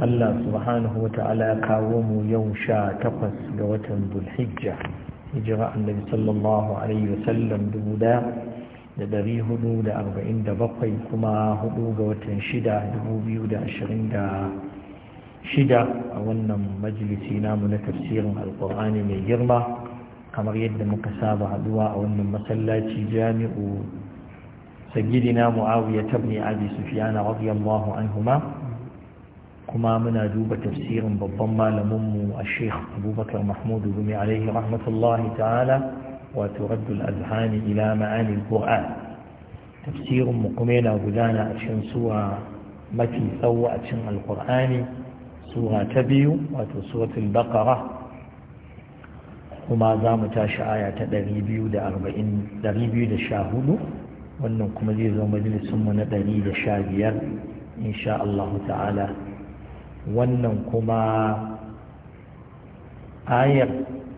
Allah subhanahu wa ta'ala kawo mu yau sha takwas ga watan Zulhijja hijira annabi sallallahu alaihi wa sallam dubu da da ɗari hudu da arba'in da bakwai kuma hudu ga watan shida dubu biyu da ashirin da shida a wannan majalisi namu na tafsirin alkur'ani mai girma kamar yadda muka saba haduwa a wannan masallaci jami'u sagidina muawiya tabni abi sufiyana radiyallahu anhuma kuma muna duba tafsirin babban malaminmu a sheikh abubakar mahmudu gumi alaihi rahmatullahi ta'ala wato raddul azhani ila ma'anin qur'an tafsirinmu kuma yana gudana a cikin suwa mafi tsawo a cikin alqur'ani sura ta biyu wato suratul baqara kuma za mu tashi aya ta sha hudu wannan kuma zai zo majalisunmu na 115 insha Allah ta'ala wannan kuma ayar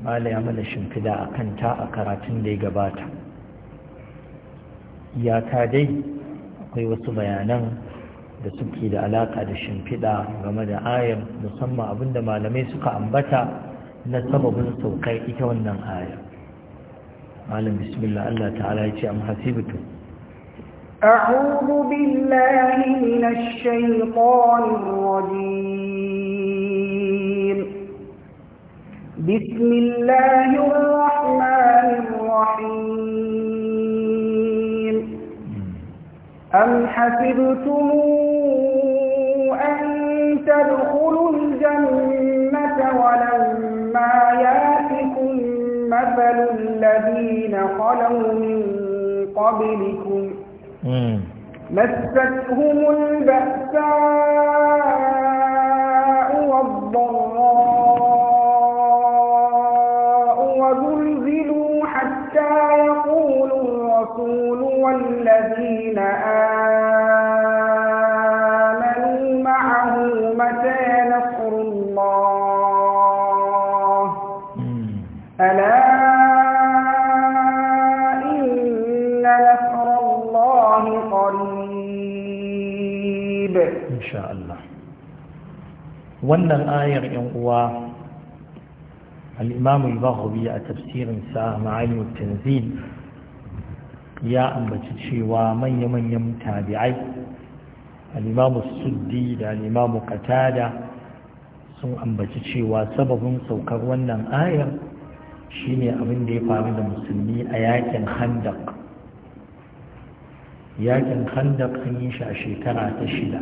bala ya mana shimfida a kanta a karatun da ya gabata Ya ta dai akwai wasu bayanan da suke da alaka da shimfida game da ayar musamman abinda malamai suka ambata na sababin saukai ita wannan ayar malam bismillah Allah ta'ala ya ce am hasibtu a'udhu billahi minash الشيطان rajim بسم الله الرحمن الرحيم أم حسبتم أن تدخلوا الجنة ولما ياتكم مثل الذين خلوا من قبلكم مستهم البأساء والضراء الرسول والذين آمنوا معه متى نصر الله ألا إن نصر الله قريب إن شاء الله وأن الآية يقوى الإمام البغوي تفسير ساعة معاني التنزيل ya ambaci cewa manya-manyan tabi'ai al'imamu suddi da al'imamu katada sun ambaci cewa sababin saukar wannan ayar shine abin da ya faru da musulmi a yakin handak yakin handak sun yi shi a shekara ta shida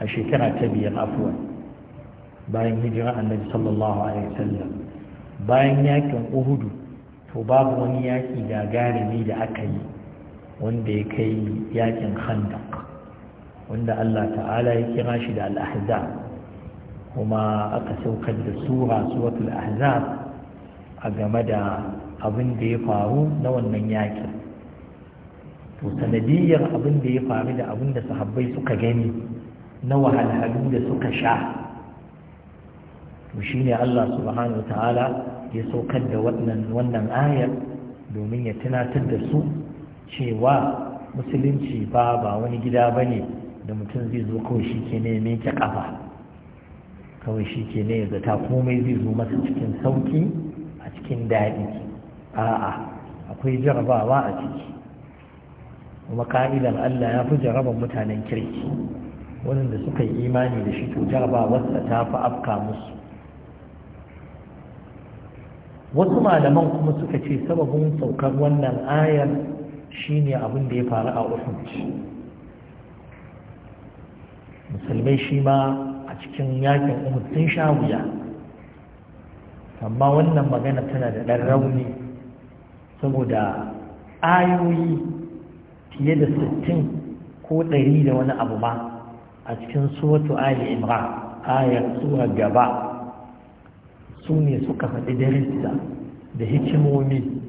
a shekara ta biyar afuwar, bayan hijira annabi sallallahu alaihi wasallam bayan yakin uhudu to babu wani yaki gagarumi da aka yi wanda ya kai yakin khandaq wanda Allah ta'ala ya kira shi da al kuma aka saukar da sura suratul ahzab a game da abin da ya faru na wannan yakin to sanadiyar abin da ya faru da abin da sahabbai suka gani na wahalhalu da suka sha to ne Allah subhanahu ta'ala ya saukar da wannan ayar domin ya tunatar da su cewa musulunci ba ba wani gida ba ne da mutum zai zo kawai shi ke ne mai ƙafa kawai shi ke ne zata komai zai zo masa cikin sauƙi a cikin daɗi a'a akwai jarabawa a ciki kuma ka'idar Allah ya fi jaraban mutanen kirki waɗanda suka yi imani da shi to jarabawarsa ta fi afka musu wasu malaman kuma suka ce sababin saukar wannan ayar Shi ne abin da ya faru a uhud musulmai shi ma a cikin yakin uhud sha wuya amma wannan magana tana da ɗan rauni saboda ayoyi fiye da sittin ko ɗari da wani abu ba, a cikin suratu ali imra ayar sura gaba su ne suka faɗi darissa da hikimomi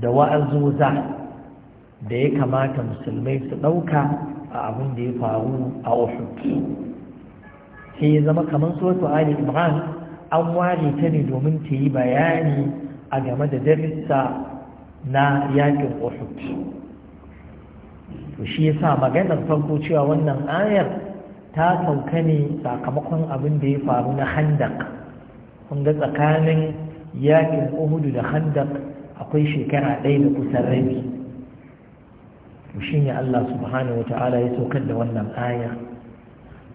da wa'azoza da ya kamata musulmai su ɗauka a abin da ya faru a uhud sai ya zama kamar suratu ali imran an ware ta ne domin ta yi bayani a game da darissa na yakin uhud to shi sa maganar farko cewa wannan ayar ta sauka ne sakamakon abin da ya faru na handak kunga tsakanin yakin uhudu da handak akwai shekara ɗaya da kusan rabi to shine Allah subhanahu ta'ala ya saukar da wannan aya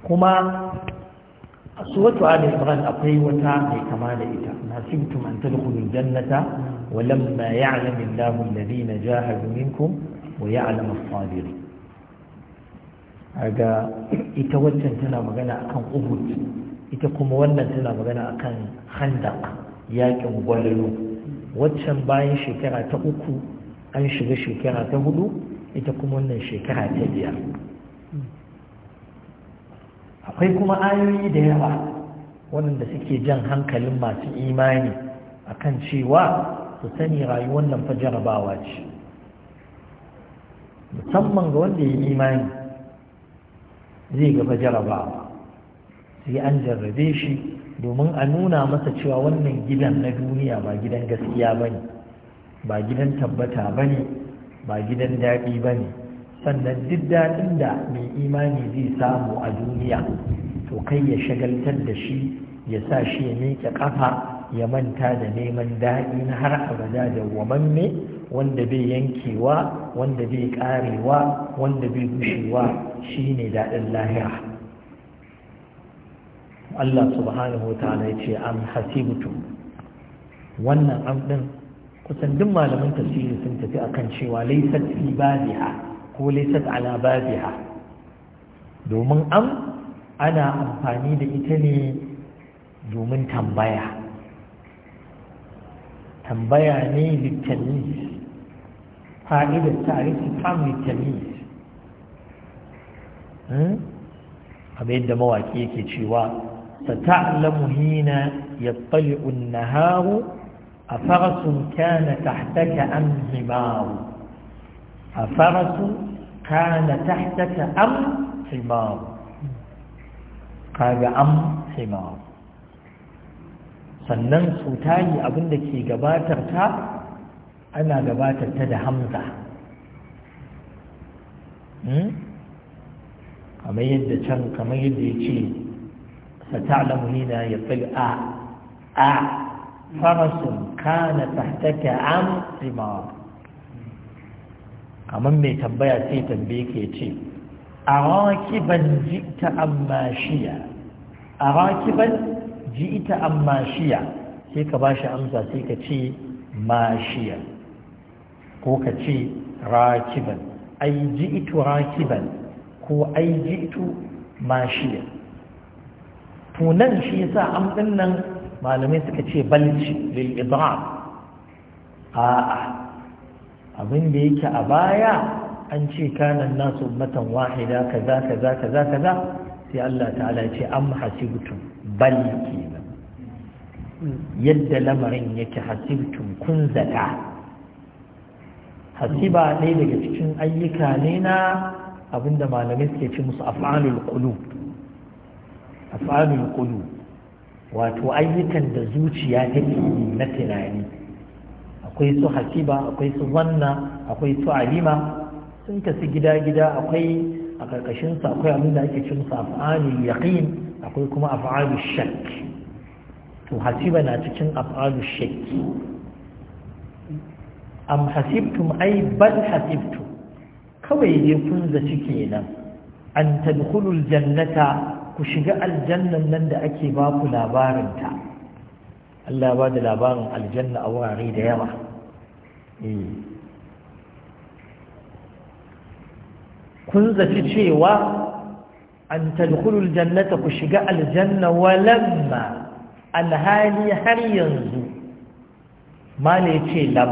kuma a suratu ali imran akwai wata mai kama da ita nasibtum an tadkhulul jannata wa lamma ya'lam Allahu alladhina jahadu minkum wa ya'lam as-sabirin aga ita waccan tana magana akan Uhud ita kuma wannan tana magana akan Khandaq yakin gwalalo waccan bayan shekara ta uku an shiga shekara ta hudu ita kuma wannan shekara ta biyar akwai kuma ayoyi da yawa waɗanda suke jan hankalin masu imani akan cewa su sani rayuwar nan fa jarabawa ce musamman ga wanda ya yi imani zai gaba jarabawa sai an jarrabe shi domin a nuna masa cewa wannan gidan na duniya ba gidan gaskiya ba ne ba gidan tabbata ba ne ba gidan daɗi ba ne sannan duk daɗin da mai imani zai samu a duniya to kai ya shagaltar da shi ya sa shi ya miƙe ƙafa ya manta da neman daɗi na har abada da wamanne wanda bai yankewa wanda bai ƙarewa wanda bai gushewa ne daɗin lahira Allah subhanahu wa ta'ala ya ce an hasibtu wannan amɗin kusan duk malaman tafsiri sun tafi akan cewa laisat fi babiha ko laisat ala babiha domin am ana amfani da ita ne domin tambaya tambaya ne littanis fa'idar tarihi kam littanis hmm? abin yadda mawaƙi yake cewa sata'lamu hina yattali'un naharu أفرس كان تحتك أم حمار أفرس كان تحتك أم حمار قال أم حمار sannan su tayi abin da ke gabatar ta ana gabatar ta da hamza kamar yadda can kamar yadda ya ce sata'lamu hina ya tsali a a farasun kana tahtaka am rimar mai tambaya sai tambaye ke ce a rakiban ji'ita amma shiya a rakiban ji'ita amma shiya sai ka ba shi amsa sai ka ce mashiya ko ka ce rakiban ai ji'itu rakiban ko ai ji'itu mashiya tunan shi yasa am nan malamai suka ce balci lil idrar a'a abin da yake a baya an ce kanan nasu ummatan wahida kaza kaza kaza kaza sai Allah ta'ala ya ce an hasibtum bal kenan yadda lamarin yake hasibtum kun zata hasiba ne daga cikin ayyuka ne na abinda malamai suke ce musu af'alul qulub af'alul qulub wato ayyukan da zuciya take yi na tunani akwai su hasiba akwai su zanna akwai su alima sun kasu gida-gida akwai a ƙarƙashinsu akwai abin ake cin su af'alul yaqin akwai kuma af'alul shakk to hasiba na cikin af'alul shakk am hasibtum ai bal hasibtum kawai dai kun zaci kenan an tadkhulul jannata ku shiga aljannan nan da ake ba ku labarinta Allah ba da labarin aljanna a wurare da yawa eh. kun zaci cewa an tadkhulul jannata ku shiga aljanna walamma alhali har yanzu mala ce lam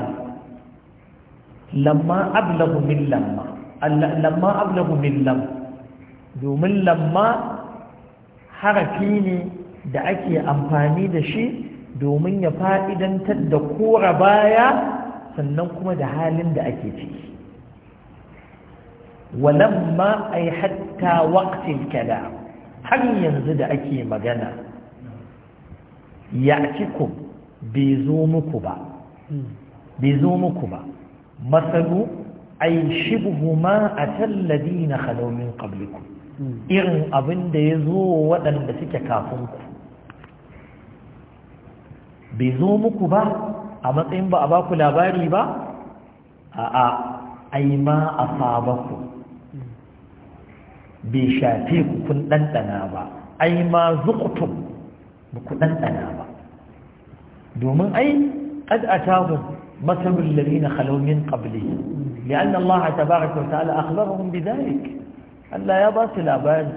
lamma ablagu min lamma lamma ablagu min lam domin lamma harafi ne da ake amfani da shi domin ya fa'idantar da kora baya sannan kuma da halin da ake ciki walamma ai hatta waqtil kada har yanzu da ake magana ya'tikum bai zo muku ba bai zo muku ba masalu ai shibhu ma atal ladina khalaw min qablikum irin abin da ya zo waɗanda suke kafin ku bai zo muku ba a matsayin ba a ba ku labari ba a a aima a sabaku. bai shafe ku kun ɗanɗana ba aima zukutun ba ku ɗanɗana ba domin ai ƙad a tabin matsalin lalina halomin ƙabli li'an Allah ta baraka wa ta'ala akhbarahum bi dhalik Allah ya ba su labari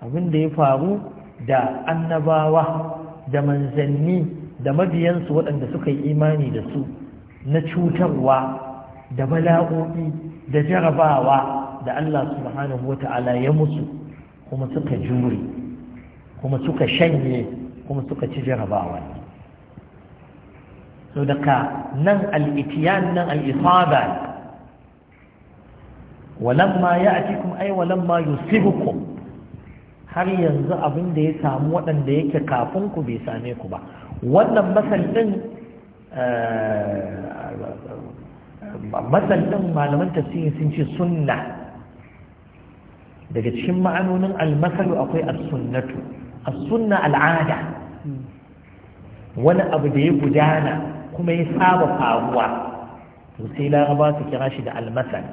abinda ya faru da annabawa da manzanni da mabiyansu waɗanda suka yi imani da su na cutarwa da bala'o'i da jarabawa da Allah subhanahu wata'ala ya musu kuma suka jure kuma suka shanye kuma suka ci jarabawa so daga nan al'itiyan nan al'isaba walamma ya'tikum ay walamma yusibukum har yanzu abin da ya samu waɗanda yake kafin ku bai same ku ba wannan masal din eh, malaman tafsiri sun ce sunna daga cikin ma'anonin almasalu akwai as-sunnatu as-sunna al'ada wani abu da ya gudana kuma ya saba faruwa to sai laraba su kira shi da almasal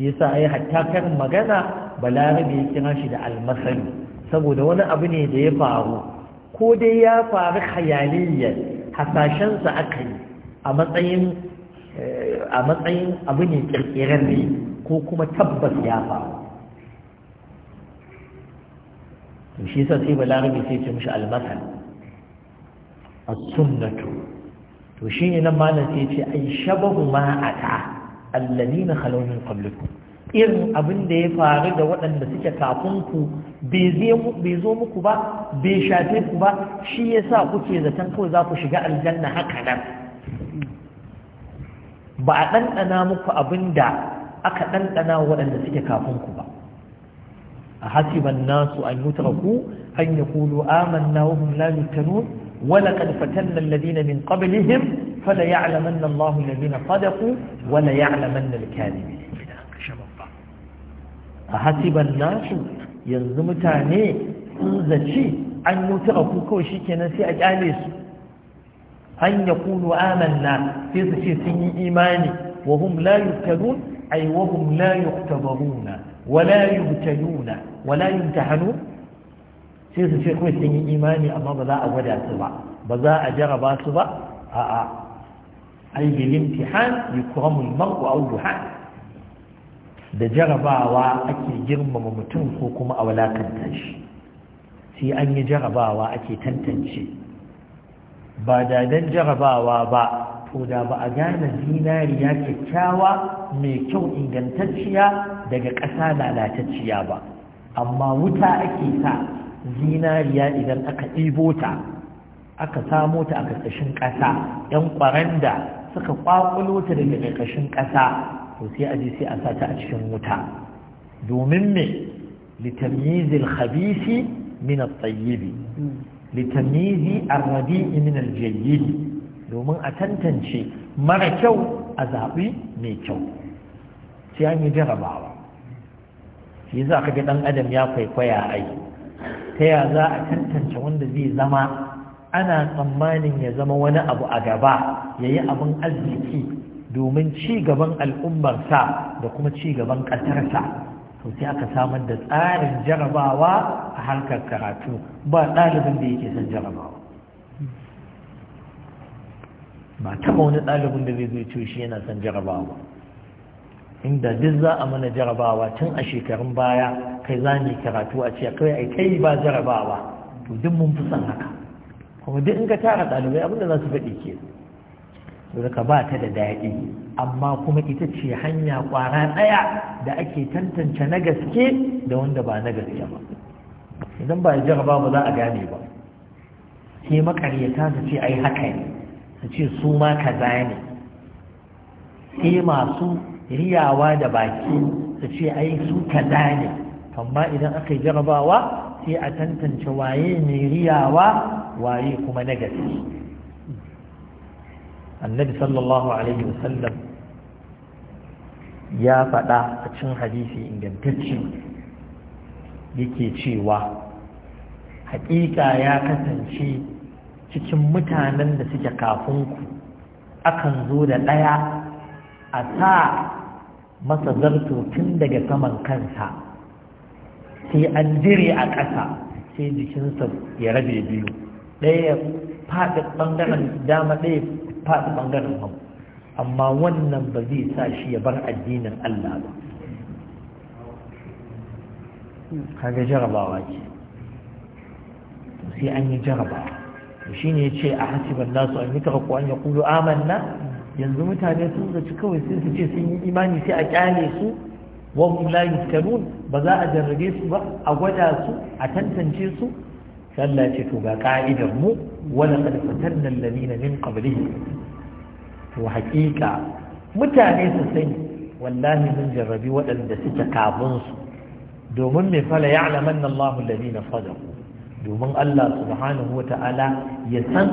shi yasa ai hatta kan magana balarabe ya kira shi da almasali saboda wani abu ne da ya faru ko dai ya faru hayaliyar hasashensa aka yi a matsayin eh, a abu ne kirkirar ne ko kuma tabbas ya faru to shi yasa sai balarabe sai ce mishi almasal A sunnatu to shi ne nan malam sai ce ai shabahu ma ata alladina khalaw min qablikum irin abin da ya faru da waɗanda suke kafin ku bai zo muku ba bai shafe ku ba shi yasa kuke zaton kawai za ku shiga aljanna haka nan ba a ɗanɗana muku abin da aka ɗanɗana waɗanda suke kafin ku ba a hasiban nasu an ku an Kulu amanna wa la ولقد فتنا الذين من قبلهم فليعلمن الله الذين صدقوا وليعلمن الكاذبين أحسب الناس يلزم تاني تنزجي أن يتركوا كوشي كنسي أجاليس أن يقولوا آمنا في سني إيماني وهم لا يبتلون أي وهم لا يختبرون ولا يبتلون ولا يمتحنون sai su ce kawai sun yi imani amma ba za a gwada su ba ba za a jaraba su ba a'a ai bil imtihan yukramul mar'u aw duhan da jarabawa ake girmama mutum ko kuma a walakanta shi sai an yi jarabawa ake tantance ba da dan jarabawa ba to da ba a gane zinariya kyakkyawa mai kyau ingantacciya daga ƙasa lalatacciya ba amma wuta ake sa zinariya idan aka ɗibo ta aka samo ta a ƙarƙashin ƙasa ‘yan ƙwaranda suka ƙwaƙulo ta daga ƙarƙashin ƙasa to sai a je sai a sa ta a cikin wuta domin me litamyizil khabisi min at-tayyib litamizi ar-radi'i min al domin a tantance mara kyau a zaɓi mai kyau sai an yi jarabawa shi za ka ga ɗan adam ya kwaikwaya ai ta ya za a tantance wanda zai zama ana tsammanin ya zama wani abu a gaba ya yi abin arziki domin ci gaban al'ummarsa da kuma ci gaban ƙasarsa to sai aka samar da tsarin jarabawa a harkar karatu ba ɗalibin da yake son jarabawa ba taɓa wani ɗalibin da zai zo ce yana son jarabawa inda duk za a mana jarabawa tun a shekarun baya kai za mu karatu a ce kai ai kai ba jarabawa to duk mun fi son haka kuma duk in ka tara ɗalibai abinda za su faɗi ke ka ba ta da daɗi amma kuma ita ce hanya ƙwara ɗaya da ake tantance na gaske da wanda ba na gaske ba idan ba jaraba ba za a gane ba sai makaryata su ce ai haka ne su ce su ma kaza ne sai masu riyawa da baki su ce ai su kaza ne amma idan aka yi jarabawa sai a tantance waye ne riyawa waye kuma na gaske annabi sallallahu alaihi wasallam ya faɗa a cikin hadisi ingantacce yake cewa haƙiƙa ya kasance cikin mutanen da suke kafin ku akan zo da ɗaya a sa masa zarto tun daga saman kansa sai an jire a ƙasa sai jikinsa ya rabe biyu ɗaya ya faɗi ɓangaren dama ɗaya ya faɗi ɓangaren hau. amma wannan ba zai sa shi ya bar addinin Allah ba kaga jarabawa ce sai an yi jarabawa shi ne ce a hasiban nasu an yi tarko an ya kudu amanna yanzu mutane sun zaci kawai sai su ce sun yi imani sai a kyale su wahum la yuftanun ba za a jarrabe su ba a gwada su a tantance su Allah ce to ga ka'idar mu wala qad fatanna alladhina min qablihim to haƙiƙa mutane su sani wallahi mun jarrabi waɗanda suke kafin su domin me fala ya'lamanna Allahu alladhina sadaqu domin Allah subhanahu Ta'ala ya san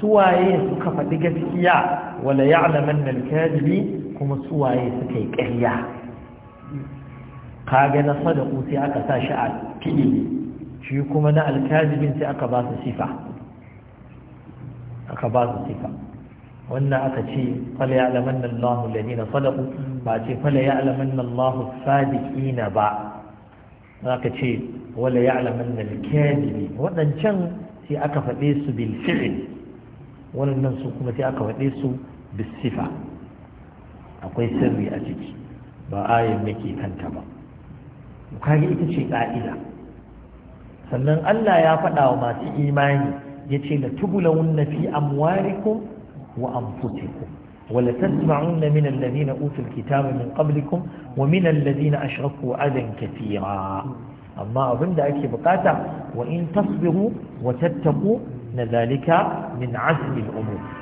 suwaye suka faɗi gaskiya wala ya'lamanna al-kadhibi kuma suwaye suka yi ƙarya Kage na sadaku sai aka sa shi a fi'ili shi kuma na alkazibin sai aka ba su sifa aka ba su sifa wannan aka ce fala ya alaman nan lahu lalina sadaku ba ce fala ya alaman nan lahu sadiqina ba aka ce wala ya alaman nan kazibi waɗancan sai aka faɗe su bil fi'il wannan su kuma sai aka faɗe su bis sifa akwai sirri a ciki ba ayan da kanta ba kage ita ce ɗa'ida. sannan Allah ya faɗawa masu imani ya ce da tubula wunna fi amwarikum wa anfusikum wa la tasma'unna min alladhina utul kitaba min qablikum wa min alladhina ashraku adan kathira amma abin da ake buƙata, wa in tasbiru wa tattaqu na zalika min azmi al-umur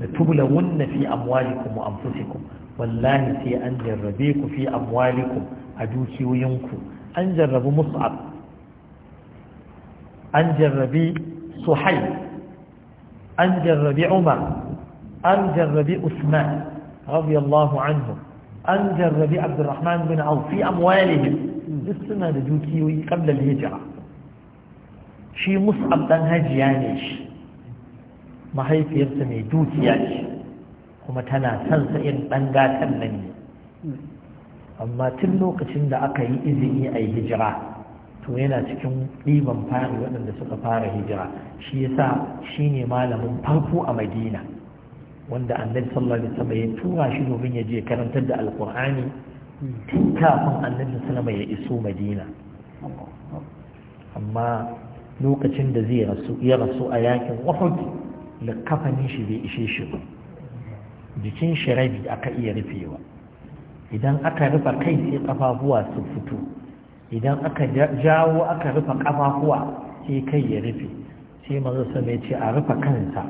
لتبلغن في أموالكم وأنفسكم والله في أن جربيك في أموالكم أدوكي وينكو أن جرب مصعب أن جربي صحي أن جربي عمر أن جربي أثمان رضي الله عنهم أن جربي عبد الرحمن بن عوف في أموالهم لسنا لدوكي قبل الهجرة شي مصعب تنهج يانيش mahaifiyarsa mai dukiya ce kuma tana son sa irin ɗan gatan nan ne amma tun lokacin da aka yi izini a yi hijira to yana cikin ɗiban fari waɗanda suka fara hijira shi yasa ne malamin farko a madina wanda annabi sallallahu alaihi wasallam ya tura shi domin ya je karantar da alkur'ani tun kafin annabi sallallahu alaihi ya iso madina amma lokacin da zai rasu ya rasu a yakin uhud lakafanin shi bai ishe shi ba jikin shi aka iya rufewa idan aka rufa kai sai kafafuwa su fito idan aka jawo aka rufa kafafuwa sai kai ya rufe sai maza sama ya ce a rufa kansa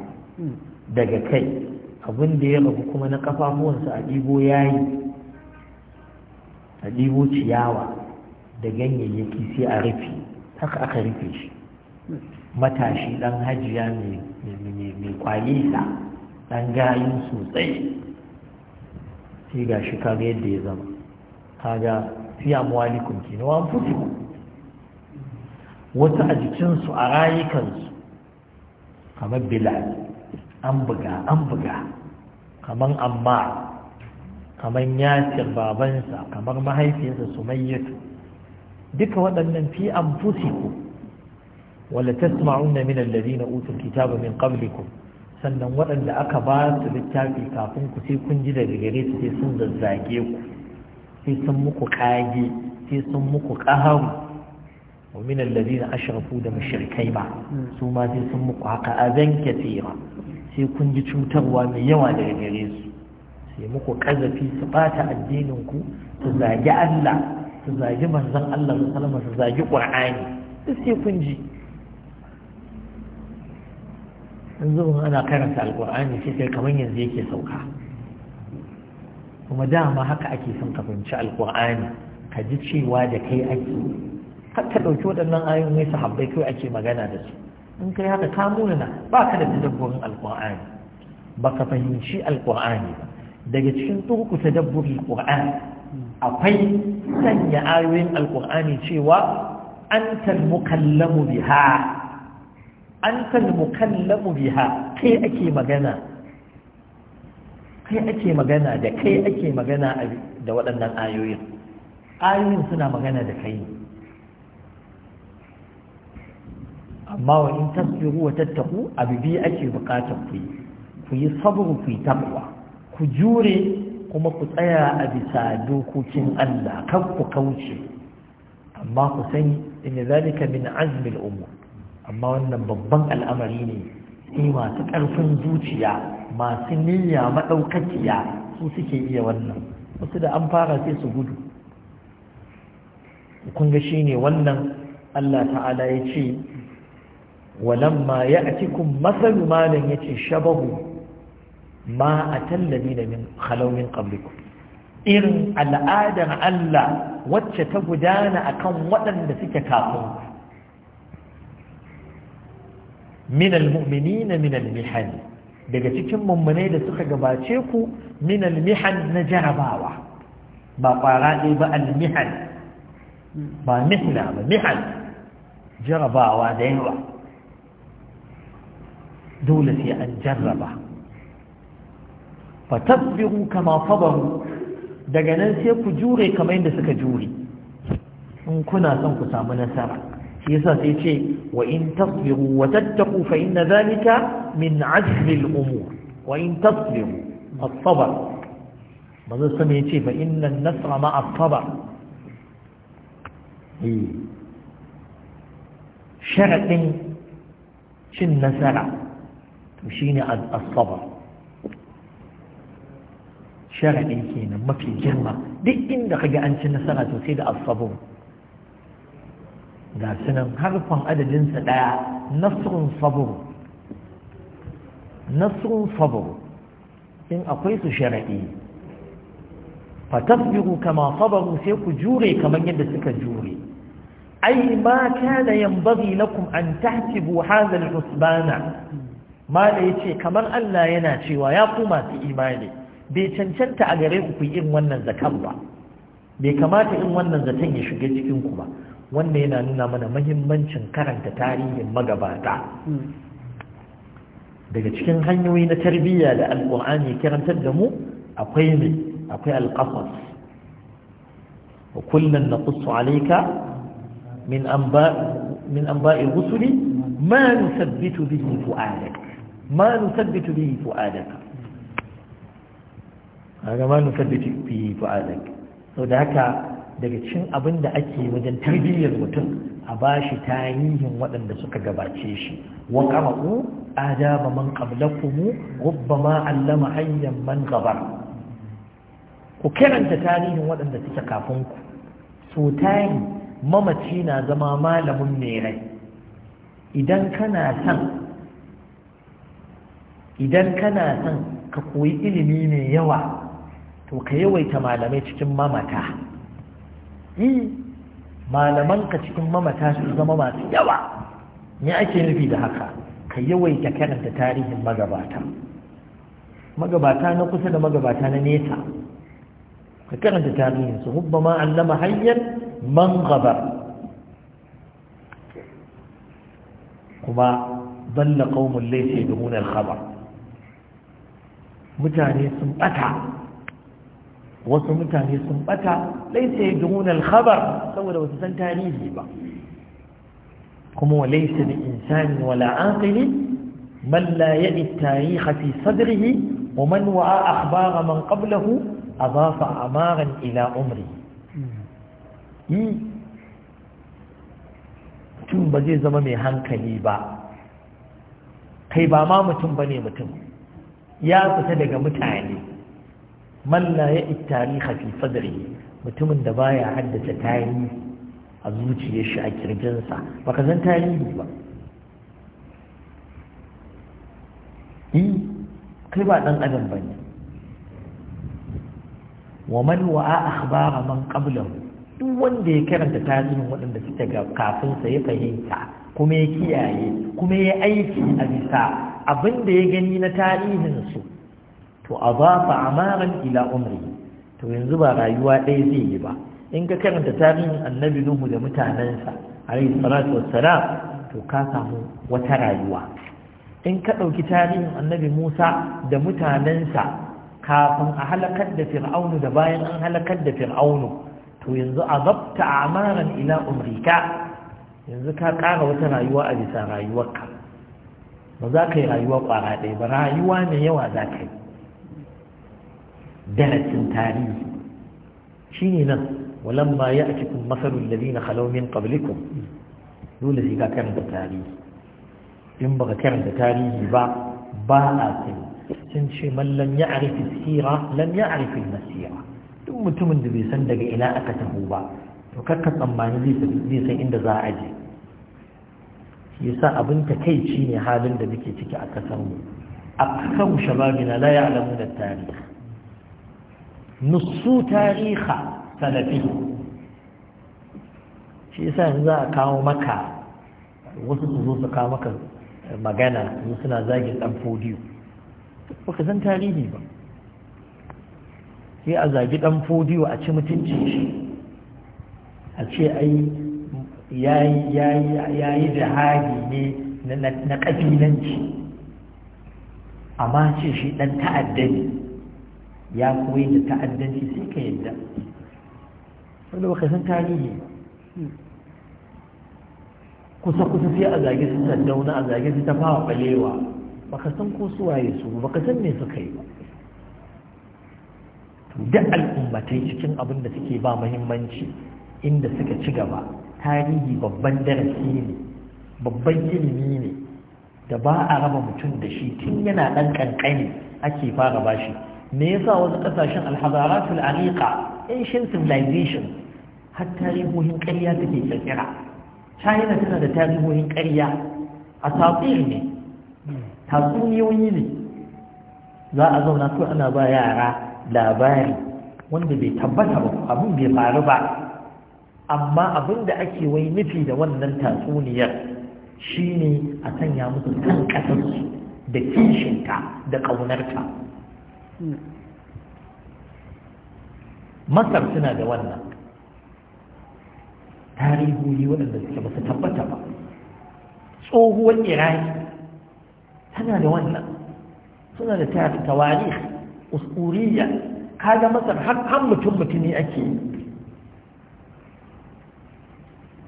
daga kai abin da ya rabu kuma na kafafuwansa a ɗibo yayi a ɗigo ciyawa da ganyayyaki sai a rufe haka aka rufe shi matashi ɗan hajiya mai mai kwalisa ɗan gayin sosai sai ga shi kaga yadda ya zama kaga fiya muwalikun ke na wani wata a jikinsu a rayukansu kamar bilal an buga an buga kamar amma kamar yasir babansa kamar mahaifinsa su mayyatu duka waɗannan fi an ku wala tasma'unna min alladhina utul kitaba min qablikum sannan waɗanda aka ba su littafi kafin ku sai kun ji daga gare su sai sun zazzage ku sai sun muku kage sai sun muku qaharu wa min alladhina ashrafu da mushrikai ba su ma sai sun muku haka azan kathira sai kun ji cutarwa mai yawa daga gare su sai muku kazafi su bata addinin ku su zagi Allah su zagi manzon Allah sallallahu alaihi wasallam su zagi Qur'ani duk sai kun ji yanzu ana karanta alkur'ani sai kai kamar yanzu yake sauka kuma dama haka ake son ka fahimci alkur'ani ka ji cewa da kai ake har ka ɗauki waɗannan ayoyin mai sahabbai kawai ake magana da su in kai haka ka munana ba ka da dabbobin alkur'ani ba ka fahimci alkur'ani ba daga cikin turku tadabburin alkur'ani akwai sanya ayoyin alkur'ani cewa an mukallamu biha anta al-mukallamu biha kai ake magana kai ake magana da kai ake magana da waɗannan ayoyin ayoyin suna magana da kai amma wa in tasbiru wa tattaku abu biyu ake bukatar ku yi ku yi sabru ku yi takwa ku jure kuma ku tsaya a bisa dokokin Allah kan ku kauce amma ku sani in zalika min azmil umur amma wannan babban al'amari ne sai masu ƙarfin zuciya masu niyya maɗaukaciya su suke iya wannan wasu da an fara sai su gudu kun ga shi ne wannan Allah ta'ala ya ce walamma ya atikun masalu malam ya ce shabahu ma a tallabi da min halaumin ƙabliku irin al'adar Allah wacce ta gudana akan waɗanda suke kafin min na min almihan daga cikin mummunai da suka gabace ku min almihan na jarabawa ba kwara ɗaya ba almihan ba mihna ba mihan jarabawa da yawa dole sai an jarraba fatabbiru kama sabaru daga nan sai ku jure kamar yadda suka jure in kuna son ku samu nasara في ثلاثة وإن تصبروا وتتقوا فإن ذلك من عزل الأمور وإن تصبروا الصبر ماذا سميه فإن النصر مع الصبر إيه. شرط شن سرع تمشيني الصبر شرع كينا ما في جنة دي إن دخل أن شن سرع تسيد الصبر ga harfan harfin adadinsa ɗaya nasrun sabur nasrun sabur in akwai su shara'i fatasbiru kama sabaru sai ku jure kamar yadda suka jure ai ma kana yanbaghi lakum an tahtibu hadha al-husbana mala yace kamar Allah yana cewa ya ku masu imani bai cancanta a gare ku ku irin wannan zakan ba bai kamata in wannan zaton ya shiga cikin ku ba Wannan yana nuna mana mahimmancin karanta tarihin magabata hmm. daga cikin hanyoyi na tarbiyya da alƙur'ani karantar da mu akwai ne akwai alƙasas wa kullum na kusu alaika min an ba'i rusuli ma nusabbitu bihi fu'adak ma nusabbitu bihi fu'adak kaga ma nusabbitu bihi fu'adak sau da haka daga cin abin da ake wajen tarbiyyar mutum a ba shi tarihin waɗanda suka gabace shi wa ƙama'u adaba man gubba ma allama hanyar man gabar ku kiranta tarihin waɗanda suke kafin ku so mamaci na zama malamin merai. idan kana son idan kana son ka koyi ilimi mai yawa to ka yawaita malamai cikin mamata yi malamanka cikin mamata su zama masu yawa ne ake nufi da haka ka yawaita karanta tarihin magabata magabata na kusa da magabata na nesa ka karanta su, hubba ma allama hanyar man gaba kuma balla qaumun laifin da al mutane sun bata wasu mutane sun bata laisa yadrun al-khabar saboda wasu san tarihi ba kuma wa laisa bi insani wala aqili man la yadi tarikh hafi sadrihi wa man wa'a akhbara man qablahu su amaran ila umri tun ba zai zama mai hankali ba kai ba ma mutum ne mutum ya fita daga mutane man la ya'i tariha fi sadri mutumin da baya haddace tarihi a zuciyar shi a kirjinsa baka san tarihi ba eh kai ba dan adam bane wa man wa'a akhbara man qablahu duk wanda ya karanta tarihin waɗanda suke ga kafin sa ya fahimta kuma ya kiyaye kuma ya aiki a bisa abin da ya gani na tarihin su to adafa amaran ila umri to yanzu ba rayuwa ɗaya zai yi ba in ka karanta tarihin annabi nuhu da mutanensa alayhi salatu wassalam to ka samu wata rayuwa in ka ɗauki tarihin annabi musa da mutanensa kafin a halakar da fir'aunu da bayan an halakar da fir'aunu to yanzu a zabta amaran ila ka, yanzu ka ƙara wata rayuwa a bisa rayuwarka ba za ka yi rayuwa ƙwara ɗaya ba rayuwa mai yawa za ka yi darasin tarihi shi ne nan walamma ya a cikin masarun da zina halomin ƙablikun dole sai ka karanta tarihi in ka karanta tarihi ba ba a sani sun ce mallan ya arifi sira lam ya arifi masira duk mutumin da bai san daga ina aka taho ba to kakka tsammani zai san inda za a je yasa abin ci ne halin da muke ciki a kasar mu aksaru shababina la ya'lamuna at-tarikh nusu tariha salafi shi yasa yanzu za a kawo maka wasu su zo su kawo maka magana su suna zagin dan fodiyo baka san tarihi ba sai a zagi dan fodiyo a ci mutuncin shi a ce ai yayi jihadi ne na ƙabilanci amma ce shi ɗan ta'adda ne ya koyi da ta'addanci sai ka yadda wanda ka san tarihi kusa kusa sai a zage su sandauna a zage su ta fawa balewa ka san ko suwa ya su ka san me suka yi ba duk al'ummatai cikin abin da suke ba mahimmanci inda suka ci gaba tarihi babban darasi ne babban ilimi ne da ba a raba mutum da shi tun yana ɗan ƙanƙani ake fara bashi me yasa wasu kasashen alhazaratul ariqa ancient civilization har tarihohin ƙarya take kirkira china tana da tarihohin ƙarya a ne tatsuniyoyi ne za a zauna ko ana ba yara labari wanda bai tabbata ba abin bai faru ba amma abin da ake wai nufi da wannan tatsuniyar shine a sanya musu kan ƙasarsu da kishinta da ƙaunarta masar suna da wannan tarihohi waɗanda suke ba su tabbata ba tsohuwar iraki tana da wannan suna da tawari uskuriya kaga masar har mutum mutumi ake yi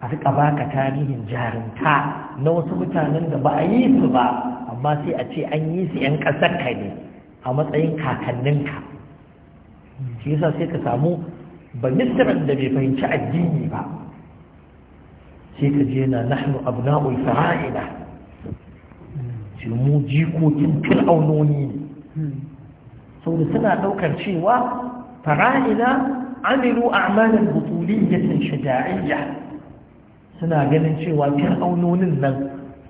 a rika baka tarihin jarinta na wasu mutanen da ba a yi su ba amma sai a ce an yi su 'yan ƙasar ka ne a matsayin kakanninka shi yasa sai ka samu ba misran da bai fahimci addini ba sai ka je na nahnu abna'ul fara'ida shi mu jikokin fir'aunoni ne saboda suna daukar cewa fara'ida amilu a'malan butuliyyatin shaja'iyya suna ganin cewa fir'aunonin nan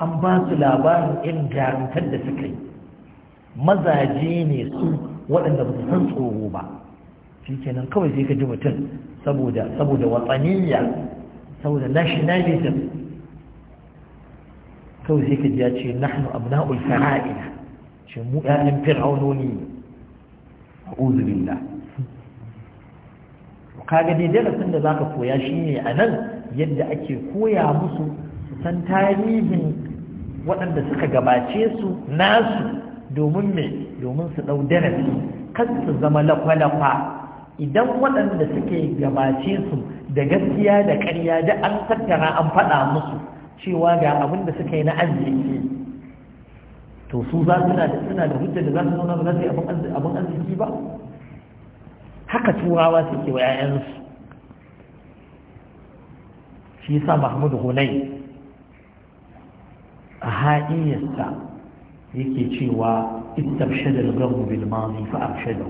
an ba su labarin irin jarumtar da suka yi mazaje ne su waɗanda ba su san tsoro ba shi kenan kawai sai ka ji mutum saboda saboda watsaniya saboda nationalism kawai sai ka ji ya ce nahnu abna'ul fara'ina ce mu ƴaƴan fir'aunoni a'udhu ka ga dai darasin da za ka koya shine a nan yadda ake koya musu san tarihin waɗanda suka gabace su nasu domin me domin su ɗau darasi kan su zama lakwalakwa idan waɗanda suke gabace su da gaskiya da ƙarya da an tattara an faɗa musu cewa ga abin da suka yi na arziki to su za su suna da hujja da za su zauna ba za su yi abin arziki ba haka turawa suke wa 'ya'yansu shi sa mahmud hulai a ha'iyarsa yake cewa istabshada al-ghamu bil madi fa abshadahu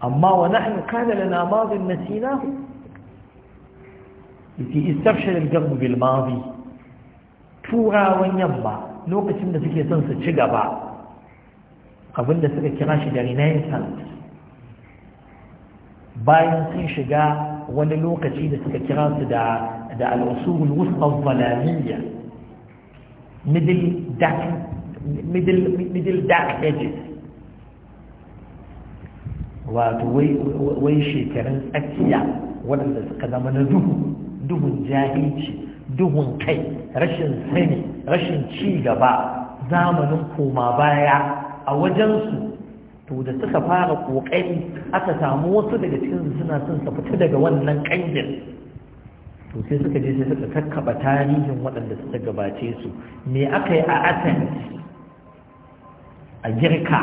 amma wa nahnu kana lana madin nasinahu yake istabshada al-ghamu bil madi turawan yamma lokacin da suke son su ci gaba abinda suka kira shi da renaissance bayan sun shiga wani lokaci da suka kira su da da al'usul wusta zalamiyya middle dark middle middle dark ages wato wai shekarun tsakiya waɗanda suka zama na duhu duhun jahilci duhun kai rashin sani rashin ci gaba zamanin koma baya a wajensu to da suka fara ƙoƙari aka samu wasu daga cikin suna son su fita daga wannan ƙangin to sai suka je sai suka kakkaba tarihin waɗanda suka gabace su me aka yi a athens a girka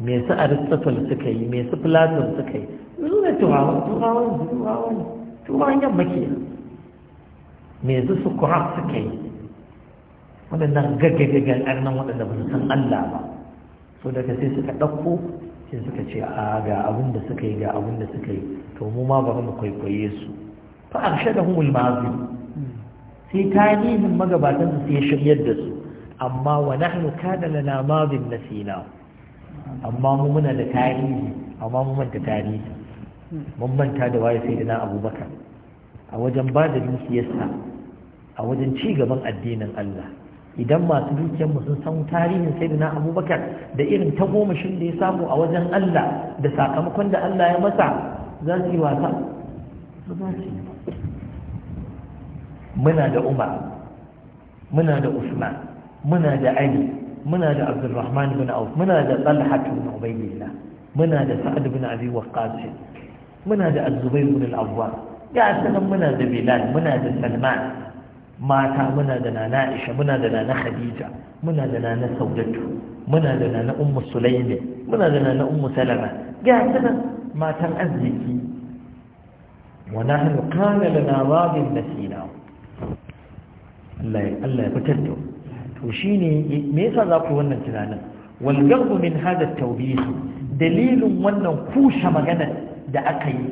me su aristotle suka yi me su platon suka yi su ne turawan turawan turawan turawan yamma ke me su su kura suka yi waɗannan gaggagagen ƙarnan waɗanda ba su san allah ba so daga sai suka ɗauko sai suka ce a ga abin da suka yi ga abin da suka yi to mu ma ba mu kwaikwaye su fa arshadahum al-mazi sai tarihin magabatan su sai shiryar da su amma wa nahnu kana lana madin nasina amma mu muna da tarihi amma mu manta tarihi mun manta da waye sai dana abubakar a wajen ba da dukiyarsa a wajen ci gaban addinin Allah idan masu dukiyar mu sun san tarihin sai dana abubakar da irin ta goma shin da ya samu a wajen Allah da sakamakon da Allah ya masa za su yi wasa muna da Umar muna da Usman muna da ali muna da abdurrahman bin auf muna da talha bin ubaydillah muna da sa'ad bin abi waqqas muna da az-zubayr bin al-awwal ya sanan muna da bilal muna da salman mata muna da nana aisha muna da nana khadija muna da nana saudatu muna da nana ummu sulaimi muna da nana ummu salama ya sanan matan arziki wa nahnu kana lana radin nasina Allah ya fitar da mu to shi shine me yasa za ku wannan tunanin wal garbu min hada tawbih dalilin wannan kusha magana da aka yi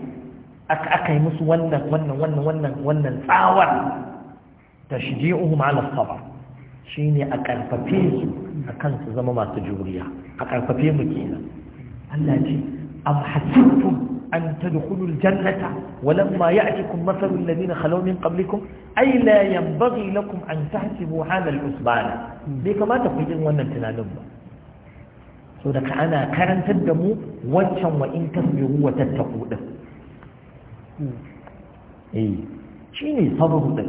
aka yi musu wannan wannan wannan wannan wannan tsawar tashji'uhum ala shi ne a karfafe su akan su zama masu juriya a karfafe mu kenan Allah ce am hasibtum أن تدخلوا الجنة ولما يأتكم مثل الذين خلوا من قبلكم أي لا ينبغي لكم أن تحسبوا هذا الأسبان ليك ما تفجر وانا تنالب سودك أنا كان تدموا وجه وإن تصبروا وتتقوا ده إيه شيني صبروا ده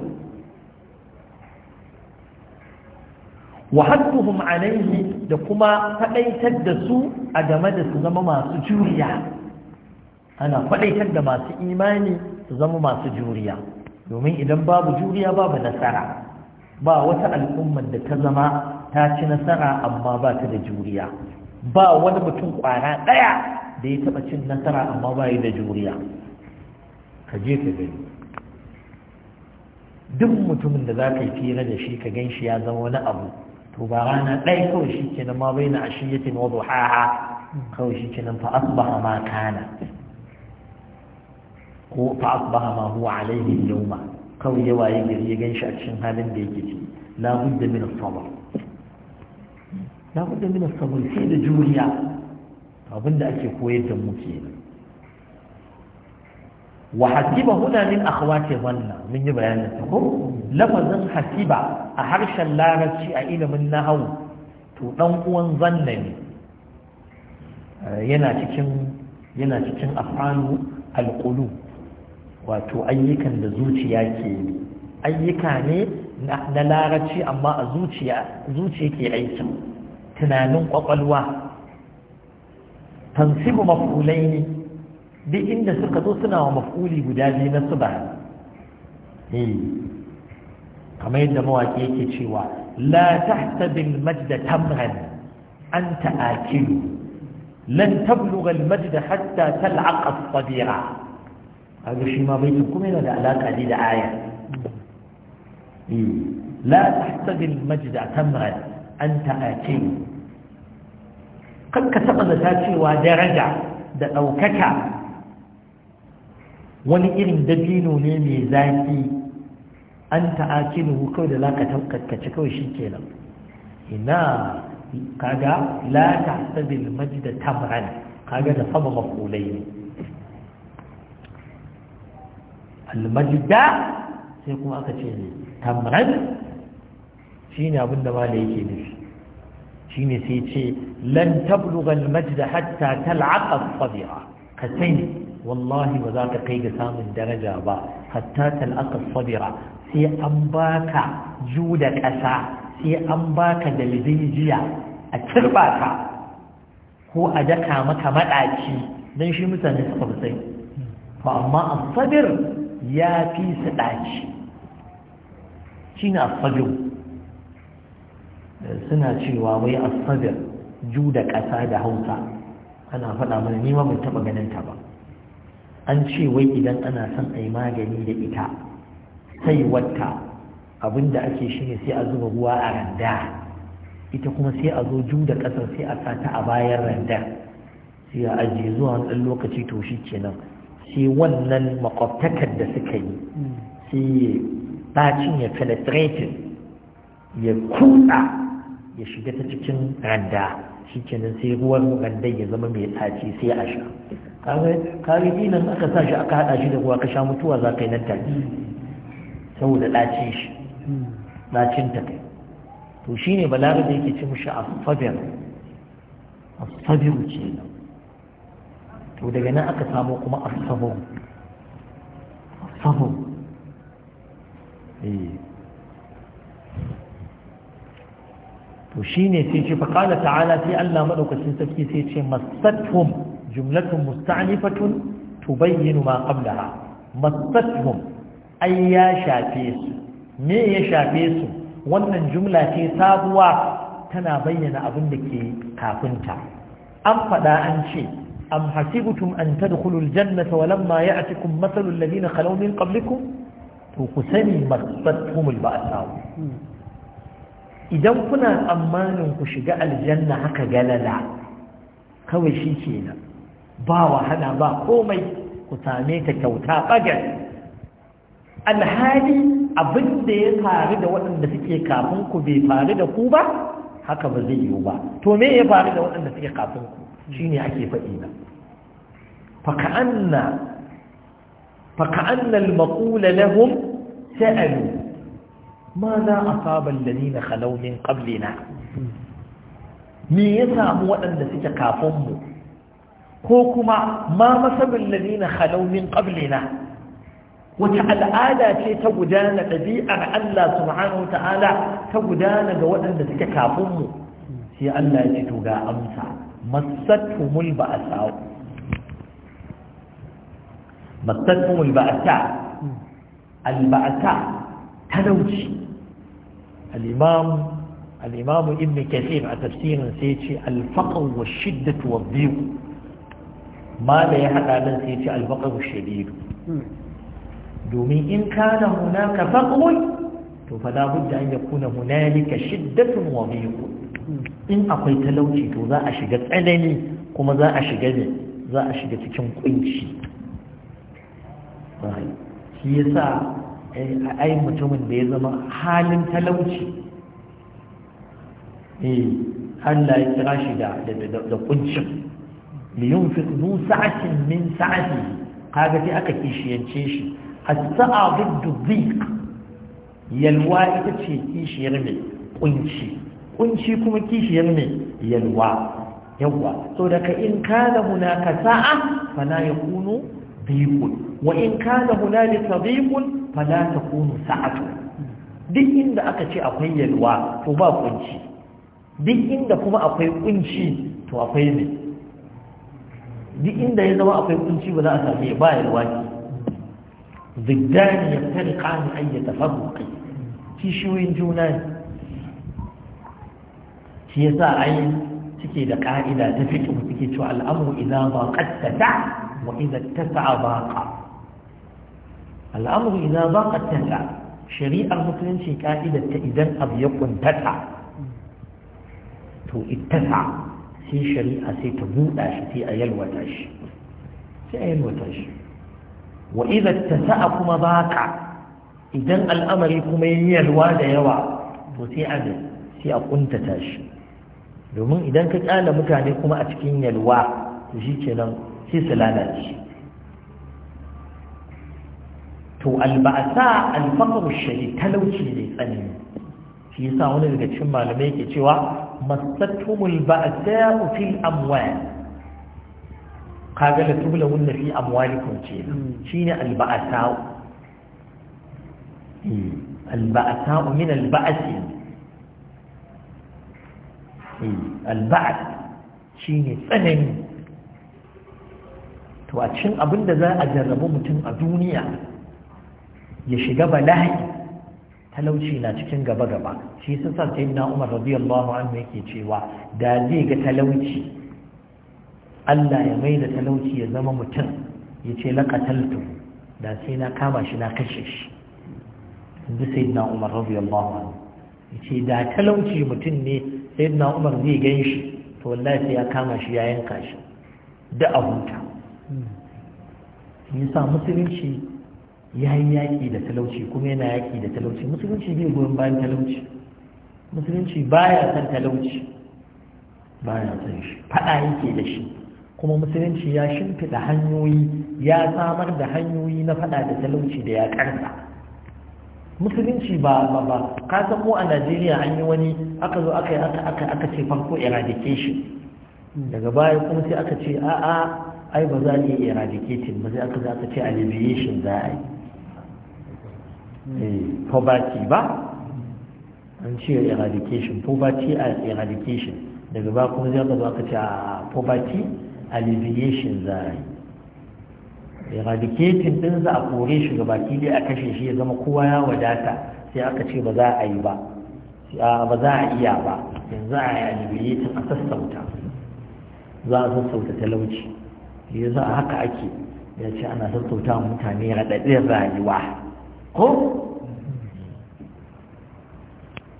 وحدهم عليه لكما فأيتد سوء أجمد سنما ما سجوريا ana kwadaitar da masu imani su zama masu juriya domin idan babu juriya babu nasara ba wata al'ummar da ta zama ta ci nasara amma ba ta da juriya ba wani mutum kwara ɗaya da ya taɓa cin nasara amma ba da juriya ka je ka gani duk mutumin da za ka yi fira da shi ka gan shi ya zama wani abu to ba rana ɗaya kawai shi kenan ma bai na ashiyatin wa duhaha kawai shi kenan fa asbaha ma kana ko fa asbaha ma huwa alayhi yawma kawai ya waye gari ya ganshi a cikin halin da yake ciki la budda min sabr la budda min sabr sai da juriya abinda ake koyar da mu kenan wa hasiba huna min akhwati wannan mun yi bayanin ko lafazin hasiba a harshen larabci a ilimin nahau, to dan uwan zanna ne yana cikin yana cikin afalu alqulub wato ayyukan da zuciya ke yi ayyuka ne na larabci amma a zuciya ke aikin tunanin kwakwalwa tansibu maf'ulai ne duk inda suka zo suna wa maf'uli guda biyu na su ba eh. kamar yadda mawaƙi yake cewa la tahsabil majda tamran anta akilu lan tablugha al majda hatta tal'aqa as-sabira kaga shi ma baitin kuma yana da alaka ne da aya eh, la tahsabil majda tamran anta atin kan ka taba zata cewa daraja da daukaka wani irin dabino ne mai zafi an ta'akinu kawai da laka tankakace kawai shi kenan ina kaga la tahsabil majda tamran kaga da sama mafulai ne almajda sai kuma aka ce tamran shi ne abinda mala yake nufi shine sai ce lan tablugha hatta tal'aqa as-sabira ka sani wallahi ba za ka kai ga samun daraja ba hatta tal'aqa sabira sai an baka juda ƙasa sai an baka dalibin jiya a kirba ko a daka maka maɗaci don shi mutane suka fi sai amma a sabir ya fi su ɗaci shi suna cewa wai asabir ju da ƙasa da hausa ana faɗa mana nima mai taɓa ganin ta ba an ce wai idan ana son a magani da ita sai wata da ake shi ne sai a zuba ruwa a randa ita kuma sai a zo ju da ƙasar sai a sata a bayan randa sai a ajiye zuwa ɗan lokaci to shi kenan sai wannan makwabtakar da suka yi sai ɗacin ya penetrating ya kuɗa ya shiga ta cikin randa shi kenan sai ruwan randa ya zama mai ɗaci sai a sha kare dinan aka sa shi aka haɗa shi da ruwa ka sha mutuwa za ka yi nan tafi saboda ɗacin shi ɗacin ta kai to shine balaga da yake ci mushi a fabiru ce nan to daga nan aka samo kuma asabu asabu eh. to shine sai ce fa ta'ala sai Allah madaukakin sarki sai ce masathum jumlatun musta'nifatun tubayyinu ma ha? masathum ai ya shafe su me ya shafe su wannan jumla ce sabuwa tana bayyana abin da ke kafinta an faɗa an ce أم حسبتم أن تدخلوا الجنة ولما يأتكم مثل الذين خلوا من قبلكم توقسني مصبتهم البأساء إذا كنا أمان كشجاء الجنة حكا جللا kawai shi ke nan ba wahala ba komai ku same ta kyauta bagal alhali abin da ya faru da waɗanda suke kafin ku bai faru da ku ba haka ba zai yiwu ba to me ya faru da waɗanda suke kafin ku ne ake faɗi na فكأن فكأن المقول Ma za a أصاب da nina من قبلنا me ya samu waɗanda suke kafinmu ko kuma ma masabin nina halaunin ƙablina wace al'ada ce ta gudana ɗabi'ar Allah subhanahu ta'ala ta gudana ga waɗanda suke kafinmu sai Allah ya ce to amsa masatumul ba'asa masatumul ba'asa al-ba'asa talawci al-imam al-imam ibn kathir a tafsirin sai ya ce al-faqr wa shiddat wa dhiq ma da ya hada nan sai ya ce al-faqr shadid domin in ka kana hunaka faqr to fa labudda an yakuna hunalika shiddatun wa dhiq in akwai talauci to za a shiga tsanani kuma za a shiga ne za a shiga cikin kunci shi yasa eh, ai mutumin da ya zama halin talauci eh Allah ya kira shi da da kuncin liyunfiq zu sa'atin min sa'ati kaga sai aka kishiyance shi as-sa'a bid-dhiq yalwa ita ce kishiyar mai kunci kunci kuma kishiyar mai yalwa yawwa so daga in ka kana hunaka sa'a ya kunu dhiqun wa in ka kana hunalika dhiqun ta kunu sa'atu duk inda aka ce akwai yalwa to ba kunci duk inda kuma akwai kunci to akwai ne duk inda ya zama akwai kunci ba za a same ba yalwa ne ضدان يفترقان ayyata يتفرقا kishiyoyin juna ne shi ya sa ai suke da ka'ida ta fito suke cewa al'amuru idan ba ƙatta da wa idan ta sa'a ba ƙa al'amuru idan ba ƙatta da shari'ar musulunci ka'ida ta idan abu ya ƙuntata to ittasa sai shari'a sai ta buɗa shi sai a yalwata shi sai a yalwata shi wa idan ta sa'a kuma ba ƙa idan al'amari kuma yin yalwa da yawa to sai a sai a kuntata shi domin idan ka kyala mutane kuma a cikin yalwa to shi ke nan sai su lalace to alba'asa alfakar shari talauci ne tsanani shi yasa wani daga cikin malamai ke cewa masatumul ba'sa fil amwal kaga la tublawunna fi amwalikum shi ne alba'asa البعثاء من البعث البعث shine tsanani to a cikin abin da za a jarrabu mutum a duniya ya shiga bala'i talauci na cikin gaba-gaba shi sun sa sai na umar radiyallahu anhu yake cewa da zai ga talauci Allah ya mai da talauci ya zama mutum ya ce laƙataltu da sai na kama shi na kashe shi da na umar radiyallahu anhu yace da talauci mutum ne na umar zai gan shi to wallahi ya kama shi ya yanka shi da abuta yasa musulunci ya yi yaƙi da talauci kuma yana yaƙi da talauci musulunci zai goyon bayan talauci musulunci baya san talauci baya san shi faɗa yake da shi kuma musulunci ya shimfiɗa hanyoyi ya samar da hanyoyi na faɗa da talauci da ya ƙarfa musulunci ba ba ba ka san ko a Najeriya an yi wani aka zo aka yi aka aka aka ce farko eradication daga baya kuma sai aka ce a a ai ba za a iya eradicating ba sai aka zo aka ce alleviation za a yi eh, poverty ba an ce eradication poverty a eradication daga baya kuma sai aka zo aka ce a poverty alleviation za a yi eradicating din za a kore shi gabaki dai a kashe shi ya zama kowa ya wadata sai aka ce ba za a yi ba ba za a iya ba yanzu a yi alibiyatin a sassauta za a sassauta talauci yanzu a haka ake ya ce ana sassauta mutane raɗaɗin rayuwa ko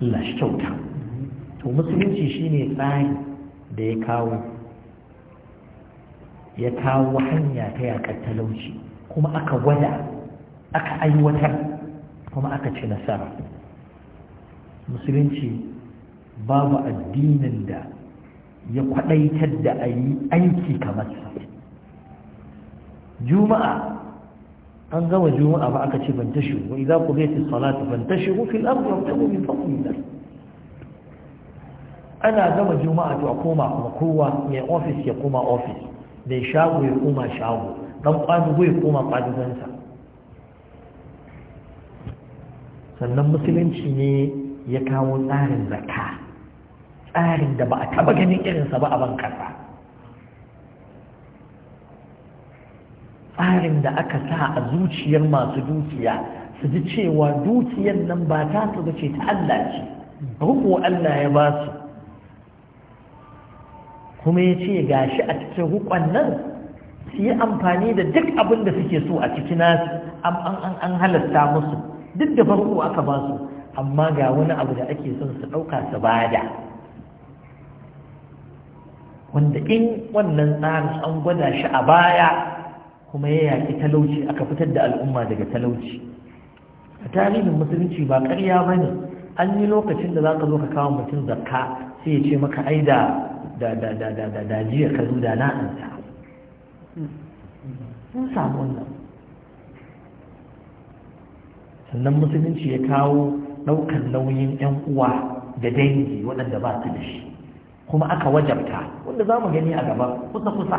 lashe kyauta to musulunci shine tsari da ya kawo ya kawo hanya ta yaƙar talauci kuma aka gwada aka aiwatar kuma aka ci nasara musulunci babu addinin da ya kwaɗaitar da a yi aiki kamar sa juma'a an gama juma'a ba aka ce ban bantashu wa idza qudiyat as-salatu ban bantashu fil ardi wabtagu min fadlillah ana gama juma'a to a koma kuma kowa mai ofis ya koma ofis mai shago ya koma shago dan kwadugo ya koma kwadugonsa sannan musulunci ne ya kawo tsarin zaka tsarin da ba a taba ganin irinsa ba a ban tsarin da aka sa a zuciyar masu dukiya su ji cewa dukiyar nan ba ta su ba ce ta Allah ce ruku Allah ya ba su kuma ya ce ga shi a cikin hukon nan su yi amfani da duk abin da suke so a cikin nasu an halatta musu duk da farko aka ba su amma ga wani abu da ake son su ɗauka su bada wanda in wannan tsarin an gwada shi a baya kuma ya yaki talauci aka fitar da al'umma daga talauci a tarihin musulunci ba ƙarya ba ne an yi lokacin da za ka zo ka kawo mutum zakka sai ya ce maka ai da jiya ka da na anta sun samu wannan sannan musulunci ya kawo ɗaukar nauyin 'yan uwa da dangi waɗanda ba su da shi kuma aka wajabta wanda za mu gani a gaba kusa-kusa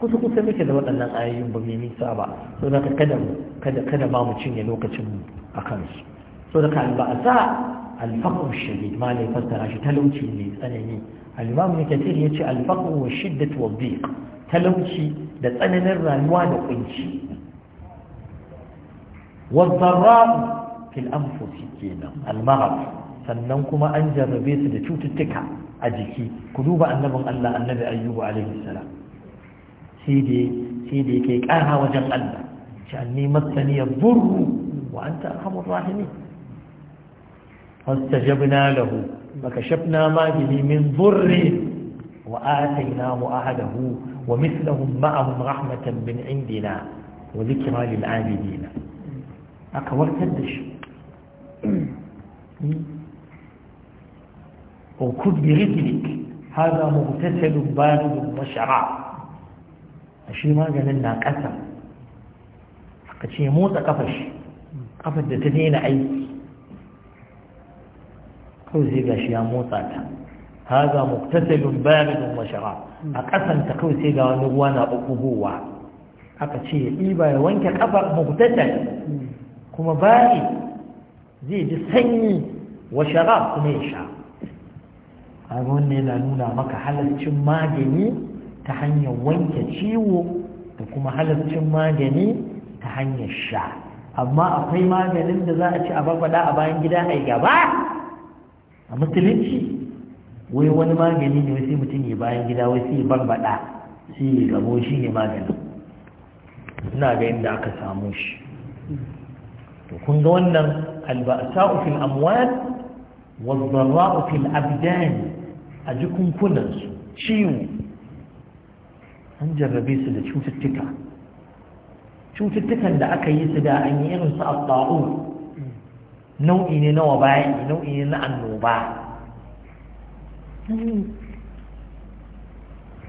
kusa-kusa muke da waɗannan ayoyin ba mai nisa ba so da kada kada ba mu cinye lokacin a kansu so da ba a sa alfaqu shadid ma ne fassara shi talauci ne tsanani al-imam ibn kathir yace al-faqr wa shiddatu wa talauci da tsananin rayuwa da kunci wa dharra fi al kenan al sannan kuma an jarrabe su da cututtuka a jiki ku duba annabin Allah annabi ayyubu alaihi salam sai da ya da yake kara wajen Allah sha'anni matsani ya burru wa anta arhamur rahimi. فاستجبنا له فكشفنا ما به من ضر وآتيناه أهله ومثلهم معهم رحمة من عندنا وذكرى للعابدين أكبر تدش وكد برجلك هذا مغتسل بارد وشراب ashe maganin na ƙasa ka ce motsa ƙafashi ƙafar da ta daina aiki kawai sai gashi ya motsa ta haza muktasalun baridun wa shara a ta kawai sai ga wani ruwa na bugowa aka ce ya ɗiba ya wanke kafar muktasal kuma bari zai ji sanyi wa shara kuma ya sha kaga wannan yana nuna maka halarcin magani ta hanyar wanke ciwo da kuma halarcin magani ta hanyar sha amma akwai maganin da za a ci a farfada a bayan gida a gaba a musulunci wai wani magani ne sai mutum ya bayan gida wai sai barbada sai ya gabo shi ne magani ina ga inda aka samu shi to kun ga wannan alba'sa'u fil amwal wadh-dharra'u fil abdan a jikunkunan su ciwo an jarrabe su da cututtuka cututtukan da aka yi su da an yi irin su a taun nau'i ne na wabayi nau'i ne na annoba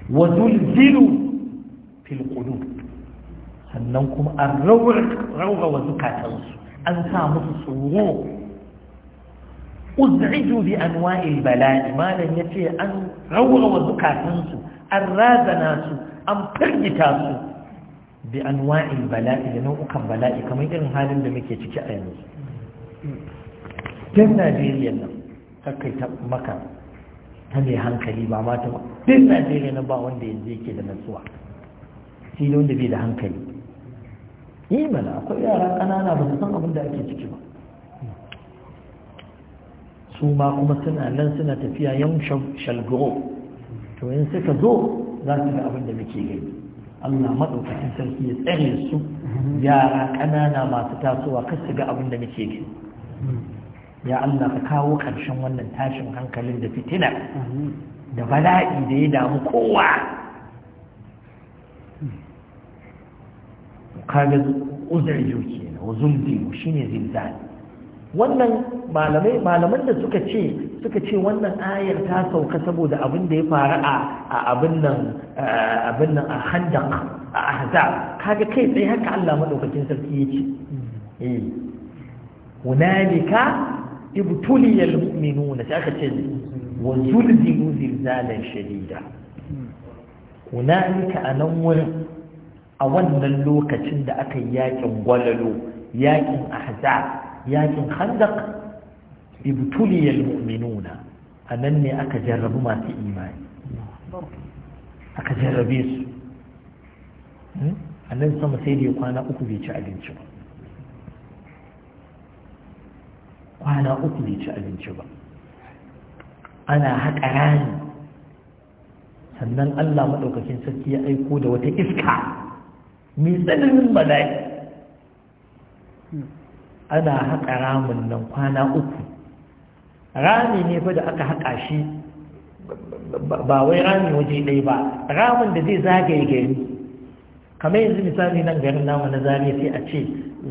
wa zulzilu fil qulub sannan kuma an rawa wa zukatansu an sa musu tsoro uz'iju bi anwa'il bala'i malan yace an rawa wa zukatansu an razana su an firgita su bi anwa'il bala'i da nau'ukan bala'i kamar irin halin da muke ciki a yanzu ɗin najeriya nan kakai ta maka ta mai hankali ba ma ta ɗin najeriya nan ba wanda yanzu yake da natsuwa shi ne wanda bai da hankali yi mana akwai yara ƙanana ba su san abin da ake ciki ba su ma kuma suna nan suna tafiya yan shalgo to in suka zo za su ga abin da muke gani Allah maɗaukacin sarki ya tsare su yara ƙanana masu tasowa kar su ga abin da muke gani ya Allah ka kawo ƙarshen wannan tashin hankalin da fitina da bala'i da ya damu kowa kaga uzurju na, wa zumdiyu shi ne zinzani. wannan malaman da suka ce suka ce wannan ayar ta sauka saboda abin da ya faru a abin nan a handan a ahzab kaga kai tsaye haka Allah maɗaukacin sarki ya ce mm. eh. hunalika ibtuliya almu'minuna sai aka ce wa zulzilu zilzalan shadida hunalika a nan wurin a wannan lokacin da aka yi yakin gwalalo yakin ahzab yakin khandaq ibtuliya almu'minuna a nan ne aka jarrabu masu aka jarrabe su annan sama sai da kwana uku bai ci abinci ba kwana uku bai ci abinci ba ana haƙa rani sannan Allah maɗaukakin sarki ya aiko da wata iska mai tsananin bala'i ana haƙa ramin nan kwana uku rami ne fa da aka haƙa shi ba wai rami waje ɗaya ba ramin da zai zagaye gari kamar yanzu misali nan garin namu na zariya sai a ce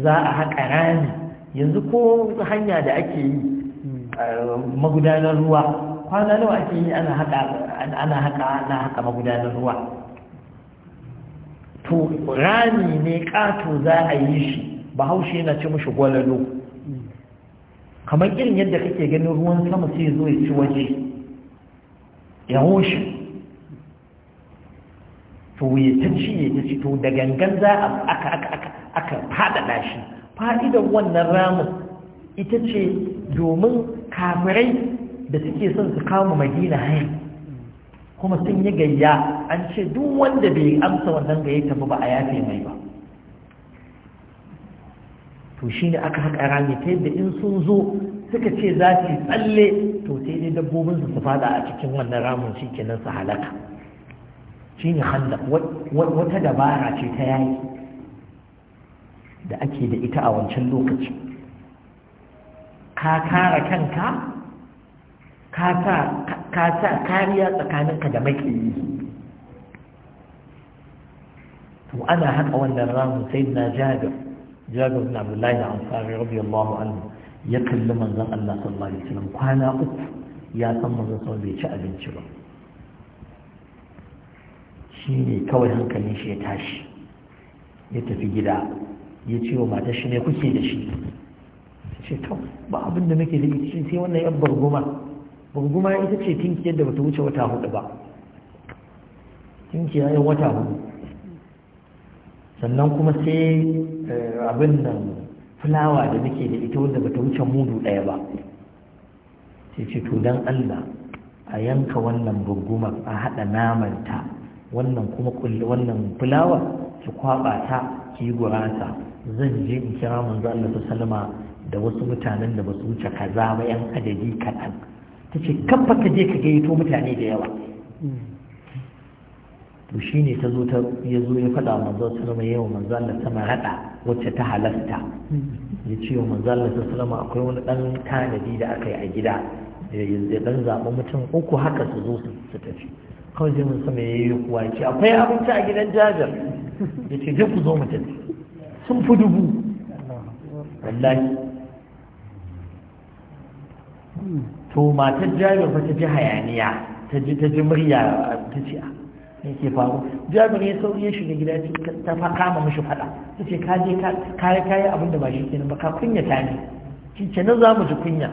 za a haƙa rami yanzu ko hanya da ake yi hmm. eh, magudanar ruwa kwana nawa ake yi ana haka ana haka ana magudanar ruwa to rami ne kato za a yi shi bahaushe yana ci mashi gwalalo kamar irin yadda kake ganin ruwan sama sai zo ya ci waje ya hoshe to ya ta ci ya ta ci to da gangan za a aka aka aka aka faɗaɗa shi fa'idar wannan ramin ita ce domin kafirai da suke son su kama madina hari kuma sun yi gayya an ce duk wanda bai amsa wannan gayya tafi ba a yafe mai ba to shi ne aka haƙa rami ta yadda in sun zo suka ce za su tsalle to sai dai dabbobin su fada a cikin wannan ramin shi kenan su halaka shi ne wata dabara ce ta yayi da ake da ita a wancan lokaci ka kara kanka ka sa kariya tsakaninka da makiyi to ana haka wannan ramu sai na jabir jabir na abdullahi a amfani rabi allahu anhu ya kalli manzan allah sallallahu alaihi wasallam kwana uku ya san manzan sama bai ci abinci ba shi ne kawai hankalin shi ya tashi ya tafi gida ya ce wa matar shi ne kuke da shi ce to ba abin da muke da ita sai wannan yan barguma barguma ita ce tinkiyar da bata wuce wata hudu ba tinki yan wata hudu sannan kuma sai eh, abin nan fulawa da muke da ita wanda bata wuce mudu ɗaya ba sai ce to dan Allah a yanka wannan burgumar a haɗa namanta wannan kuma wannan fulawa su kwaba ta ki gurasa zan je in kira manzo Allah sallama da wasu mutanen da basu wuce kaza ba yan adadi kaɗan ta ce kafa ka je ka gaito mutane da yawa to shi ta zo ta ya ya faɗa manzo sallama yawa manzo Allah sama raɗa wacce ta halasta ya ce wa manzo Allah sallama akwai wani ɗan tanadi da aka yi a gida ya dan zaɓi mutum uku haka su zo su tafi kawai zai mun sama yayi kuwa ce akwai abinci a gidan jajar ya ce ku zo mu tafi sun fi dubu wallahi to matar jajar ba ta ji hayaniya ta ji ta ji murya ta ce ne ah, ke faru jajar ya sauri ya shiga gida ta fa kama mishi fada ta ce ka je ka yi abin da ba shi kenan ba ka kunya ta ne ki ce na za mu ji kunya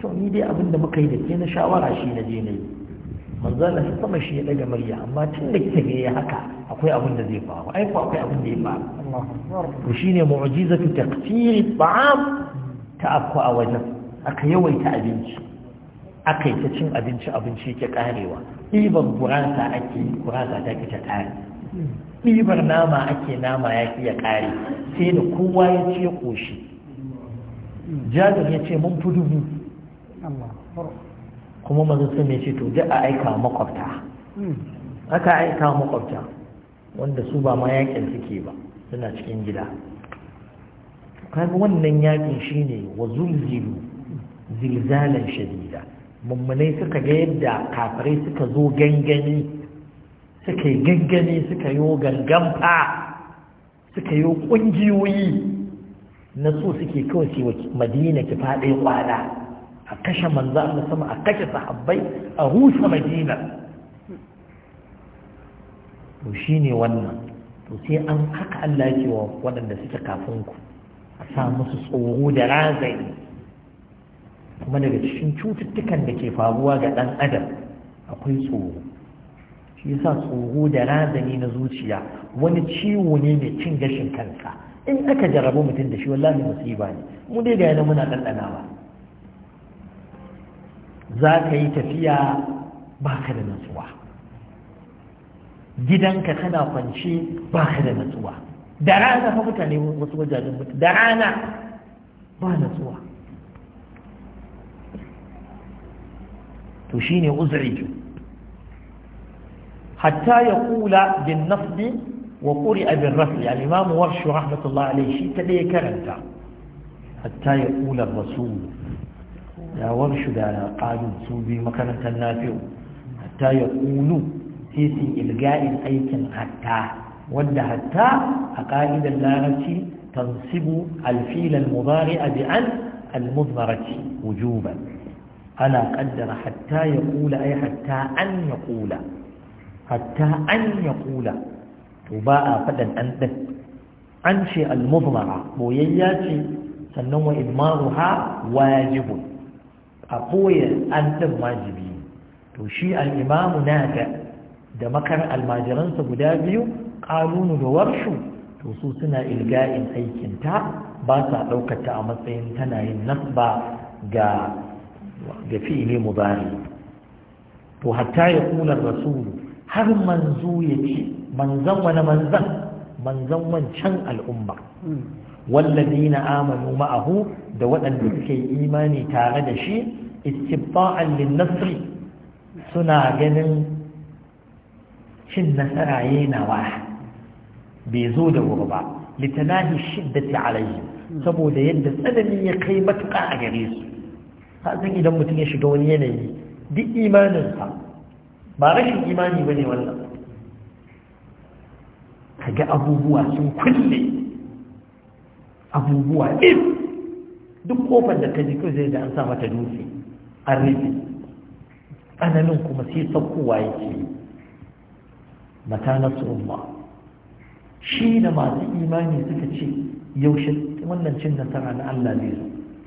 to ni dai abin da muka yi da ke na shawara shi na je na yi manzo Allah sai shi ya daga murya amma tun da kike ga haka akwai abin da zai faru ai ko akwai abin da ya faru Allahu to shine mu'jizatu taqtir ta akwa a wajen aka yawaita abinci aka yi ta cin abinci abinci yake karewa ɗibar gurasa ake gurasa ta ke ta kare ɗibar nama ake nama ya ya kare sai da kowa ya ce ya koshi ya ce mun fi dubu kuma manzo sun ya ce to duk a aika wa makwabta aka aika wa makwabta wanda su ba ma yakin suke ba suna cikin gida kaga wannan yakin shine wa zulzilu zilzalan shadida mummunai suka ga yadda kafirai suka zo gangani suka yi gangani suka yi gangamfa suka yi kungiyoyi na so suke kawai madina ki faɗe kwana a kashe manza Allah sama a kashe sahabbai a rushe madina to ne wannan to sai an haka Allah yake waɗanda suke kafin ku a sa musu tsoro da razani. kuma daga cikin cututtukan da ke faruwa ga ɗan adam akwai tsoro shi yasa tsoro da razani na zuciya wani ciwo ne mai cin gashin kansa in aka jarabu mutum da shi wallahi musiba ne mu dai ga yana muna ɗanɗanawa za ka yi tafiya baka da natsuwa gidanka kana kwance baka da natsuwa da rana fa mutane wasu wajajen mutu da rana ba natsuwa to shine uzuri hatta ya kula bin nafdi wa quri'a bin rafi al-imam warshu rahmatullahi alayhi shi ta dai karanta hatta ya kula rasul da warshu da qalu su bi makarantar nafi'u hatta ya qulu sai ilga'in aikin hatta wanda hatta a ƙa'idar larabci tansibu alfilan al-mudari'a bi an al wujuban ana ƙaddara hatta ya qula ai hatta an ya qula hatta an ya qula to ba a faɗan an din an ce al boyayya ce sannan wa idmaruha wajibun a koya an ɗin to shi al'imamu na da da makar almajiransa guda biyu ƙalunu da warshu to su suna ilga'in aikinta ba sa ɗaukata a matsayin tana yin nasba ga fi'ili mubari to hatta ya kunar rasulu har manzo ya ce manzan wani manzan manzan wancan al'umma hmm. والذين آمنوا معه دوات الذكي إيماني تاغد شيء استبطاعا للنصر سنا جنن شن سرعين واحد بيزود وربع لتناهي الشدة عليهم سبو دا يد سنني قيمة قاعريس هذا إذا متنش دوني ينهي دي إيمان الصعب ba rashin imani ba ne wannan kaga abubuwa sun kulle abubuwa ɗin duk kofar da ka ji kai zai da an sa mata dutse an rufe tsananin kuma sai saukowa yake mata nasrullah shi da masu imani suka ce yaushe wannan cin nasara na Allah zai zo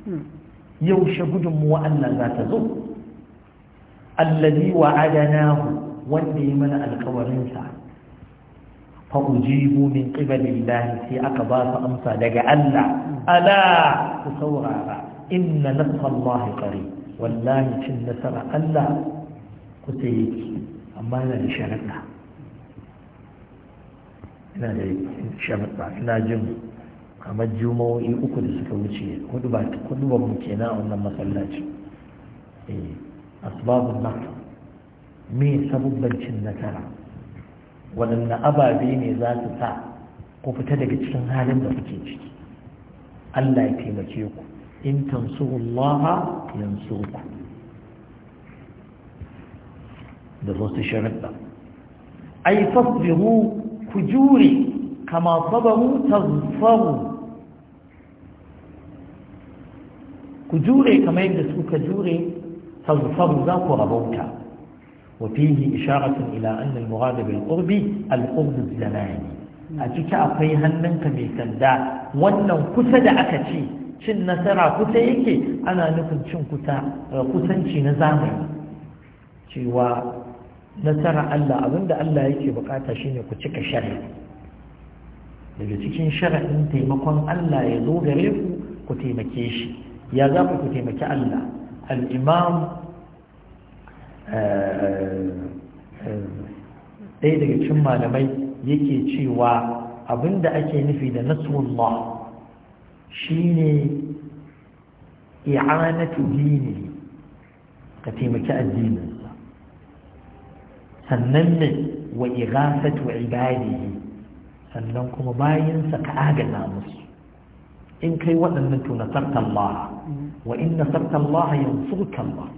hmm. yaushe gudunmuwa Allah za ta zo allazi wa'adanahu wanda ya mana alkawarinsa fa ujibu min qibalillahi sai aka ba su amsa daga Allah ala ku saurara inna nasrallahi qarib wallahi cin nasara Allah ku sai yake amma yana da sharaɗa yana da sharaɗa ina jin kamar juma'o'i uku da suka wuce hudu ba hudu ba mu wannan me cin nasara waɗanne ababe ne za su sa ku fita daga cikin halin da kuke ciki Allah ya taimake ku in tansurullaha yansurku da wasu sharuɗa ai fasbiru ku jure kama sabaru tansaru ku jure kamar yadda suka jure tansaru za ku rabauta وفيه إشارة إلى أن المراد بالقرب القرب الزماني أتيك أقوي هنن كمي سندا ونن كسد أكتي شن نسرع كتيك أنا نكن شن كتا كسن شي نزامي شيوا نسرع الله أظن ده الله يكي بقاتا شيني كتك شرع daga cikin shari'in taimakon Allah ya zo gare ku ku taimake shi ya za ku taimaki Allah al-imam ɗaya daga cikin malamai yake cewa abinda ake nufi da nasrullah shine i'anatu dini ka taimaki addininsa sannan ne wa ighasatu ibadihi sannan kuma bayansa ka agaza musu in kai waɗannan to nasarta Allah wa in nasarta Allah yansurka Allah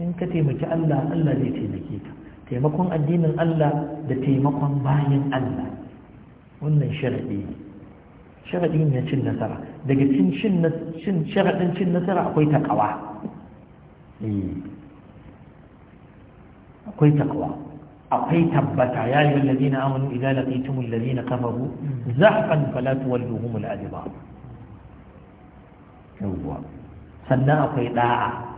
in ka taimaki Allah Allah zai taimake ka taimakon addinin Allah da taimakon bayan Allah wannan sharadi sharadi ne cin nasara daga cin cin sharadin cin nasara akwai takawa eh. akwai takawa akwai tabbata ya yi wallazi na amanu idza laqitum Za a zahfan fala tuwalluhum al-adbar yawwa sannan akwai da'a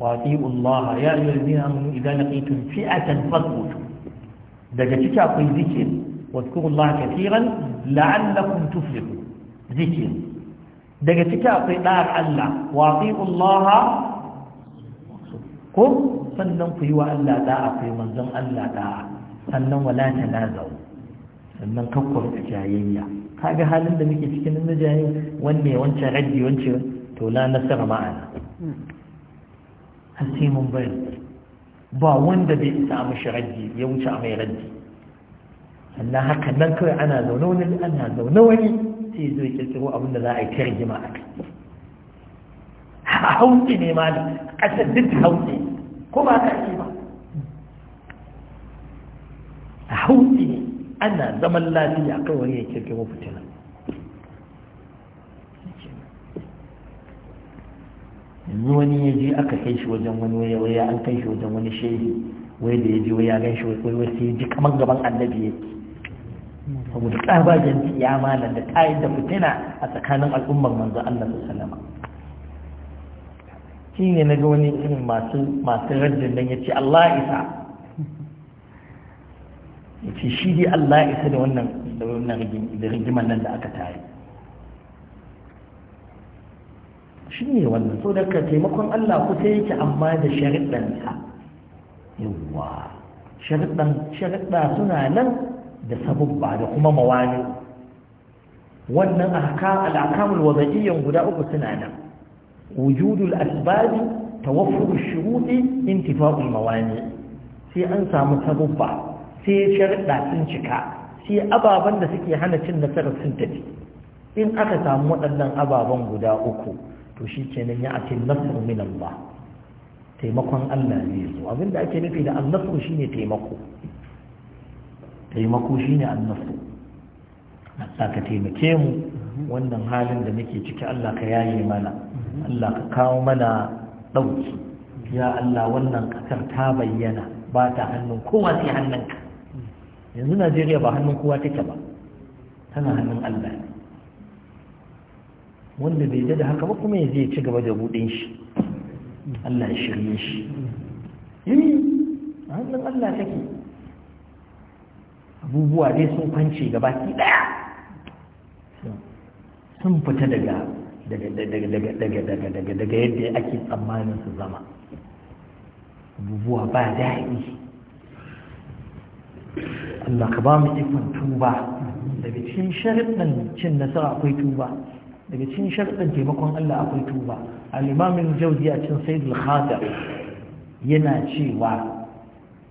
وأطيعوا الله يا أيها الذين آمنوا إذا لقيتم فئة فاثبتوا daga ciki akwai zikir wadkuru Allah kafiran la'allakum tuflihu zikir daga ciki akwai da'ar Allah wa ati'u Allah ko sannan ku yi wa Allah da'a ku yi manzon Allah da'a sannan wala tanazau sannan kakkuru da jayayya kaga halin da muke cikin na jayayya wanne wancan raddi wancan to la nasara ma'ana har sai mun bari ba wanda bai isa a mashi raddi ya wuce a mai raddi sannan haka nan kawai ana zaune wani ana zaune wani sai zai kirkiro abin da za a yi ta rigima a kai a hauki ne ma da ƙasar duk hauki ko ba ka yi ba a hauki ne ana zaman lafiya kawai ya kirkiro fitina yanzu wani ya je aka kai shi wajen wani waya waya an kai shi wajen wani shehi waya da ya je waya gan shi waya wasu, sai ji kamar gaban annabi ke saboda tsabagen ya malar da tayar da fitina a tsakanin al'ummar manzo Allah sallama shi ne na ga wani irin masu masu rajin nan ya ce Allah isa ya ce shi dai Allah isa da wannan da wannan rigiman nan da aka tare shi ne wannan so taimakon Allah kusa yake amma da sharaɗansa yawwa shariɗa suna nan da sabubba da kuma mawani wannan al'akamul wada'iyyan guda uku suna nan wujudul asbabi wafuru shuruɗi intifa'ul mawani sai an samu sabubba sai sharaɗa sun cika sai ababen da suke hana cin nasarar sun tafi in aka samu waɗannan ababen guda uku to shi kenan ya ake nasru min Allah taimakon Allah zai zo abinda ake nufi da annasru shine taimako taimako shine annasru Allah ka taimake mu wannan halin da muke ciki Allah ka yaye mana Allah ka kawo mana dauki ya Allah wannan kasar ta bayyana ba ta hannun kowa sai hannunka yanzu Najeriya ba hannun kowa take ba tana hannun Allah ne wanda bai da haka ba kuma ya zai ci gaba da buɗin shi Allah ya shirye shi yini a hannun Allah take abubuwa dai sun kwance gaba ki daya sun fita daga daga daga daga daga daga daga yadda ake tsammanin su zama abubuwa ba daɗi Allah ka ba mu ikon tuba daga cikin sharuɗin cin nasara akwai tuba daga cikin sharɗin taimakon Allah akwai tuba al-imamin jawzi a cikin sayyidul khatam yana cewa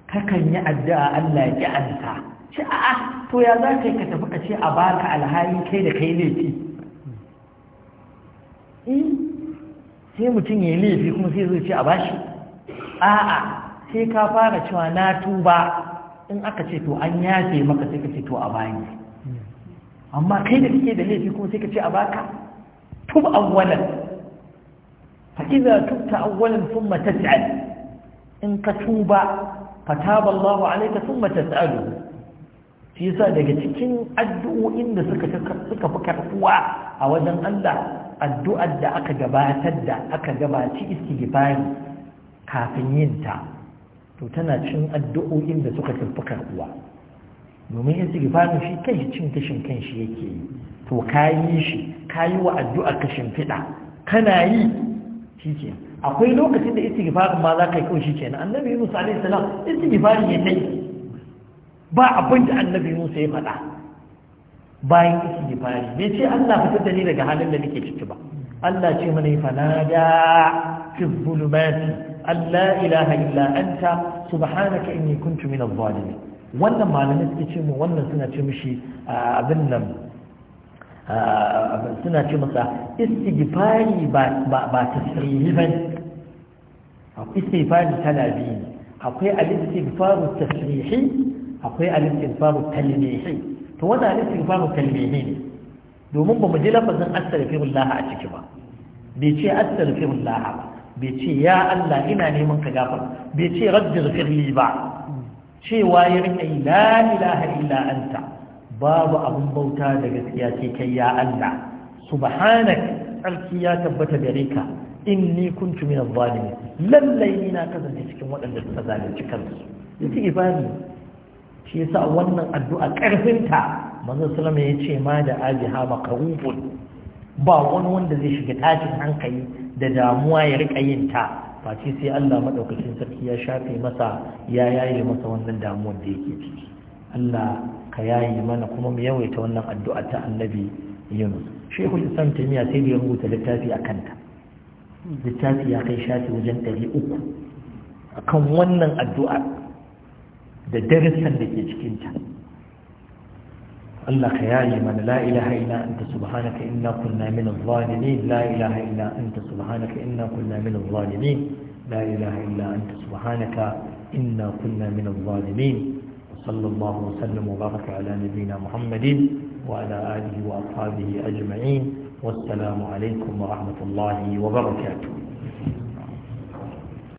kakan yi addu'a Allah ya anta ci a'a to ya za kai ka tafi ka ce a baka alhali kai da kai laifi eh, sai mutum ya yi laifi kuma sai zai ce a bashi a'a sai ka fara cewa na tuba in aka ce to an yafe maka sai ka ce to a bani amma kai da kike da laifi kuma sai ka ce a baka تب أولا فإذا تبت أولا ثم تسأل إن كتوب فتاب الله عليك ثم تسأله shi yasa daga cikin addu'o'in da suka fi karfuwa a wajen Allah addu'ar da aka gabatar da aka gabaci istighfari kafin yin ta to tana cin addu'o'in da suka fi karfuwa domin istighfarin shi kai cin tashin shi yake yi to ka yi shi ka yi wa addu'a ka shimfiɗa kana yi shi ke akwai lokacin da istighfarin ma za ka yi kawai shi ke na annabi Musa alaihi salam istighfarin ya kai ba abin da annabi Musa ya faɗa bayan istighfari bai ce allah fitar da ni daga halin da nake ciki ba allah ce mana yi Allah fanada في الظلمات أن لا إله إلا أنت سبحانك إني كنت من الظالمين wannan malamin suke ce mu wannan suna ce mishi ah, abin nan suna ce masa istighfari ba ta tasrihi ba istighfari tana biyu akwai al ta tasrihi akwai al-istighfaru talmihi to wannan al-istighfaru talmihi ne domin ba mu ji lafazin astaghfirullah a ciki ba bai ce astaghfirullah ba bai ce ya Allah ina neman ka gafar bai ce rabbi ghfirli ba cewa ya rika la ilaha illa anta babu abin bauta da gaskiya ce kai ya Allah subhanak tsarki ya tabbata gare ka inni kuntu min zalimi lallai ni na kasance cikin waɗanda suka zalunci kansu yace ibadi shi yasa wannan addu'a karfinta manzon sallama ce ma da ajiha makarubun ba wani wanda zai shiga tashin hankali da damuwa ya rika yin ta face sai Allah madaukakin sarki ya shafe masa ya yaye masa wannan damuwar da yake ciki Allah ka yayi mana kuma mu yawaita wannan addu'a ta annabi yunus shekul islam taimiyya sai da ya rubuta littafi a kanta littafi ya kai shafi wajen ɗari uku a kan wannan addu'a da darussan da ke cikinta Allah ka yayi mana la ilaha illa anta subhanaka inna kunna min adh-dhalimin la ilaha illa anta subhanaka inna kunna min adh-dhalimin la ilaha illa anta subhanaka inna kunna min adh-dhalimin صلى الله وسلم وبارك على نبينا محمد وعلى آله وأصحابه أجمعين والسلام عليكم ورحمة الله وبركاته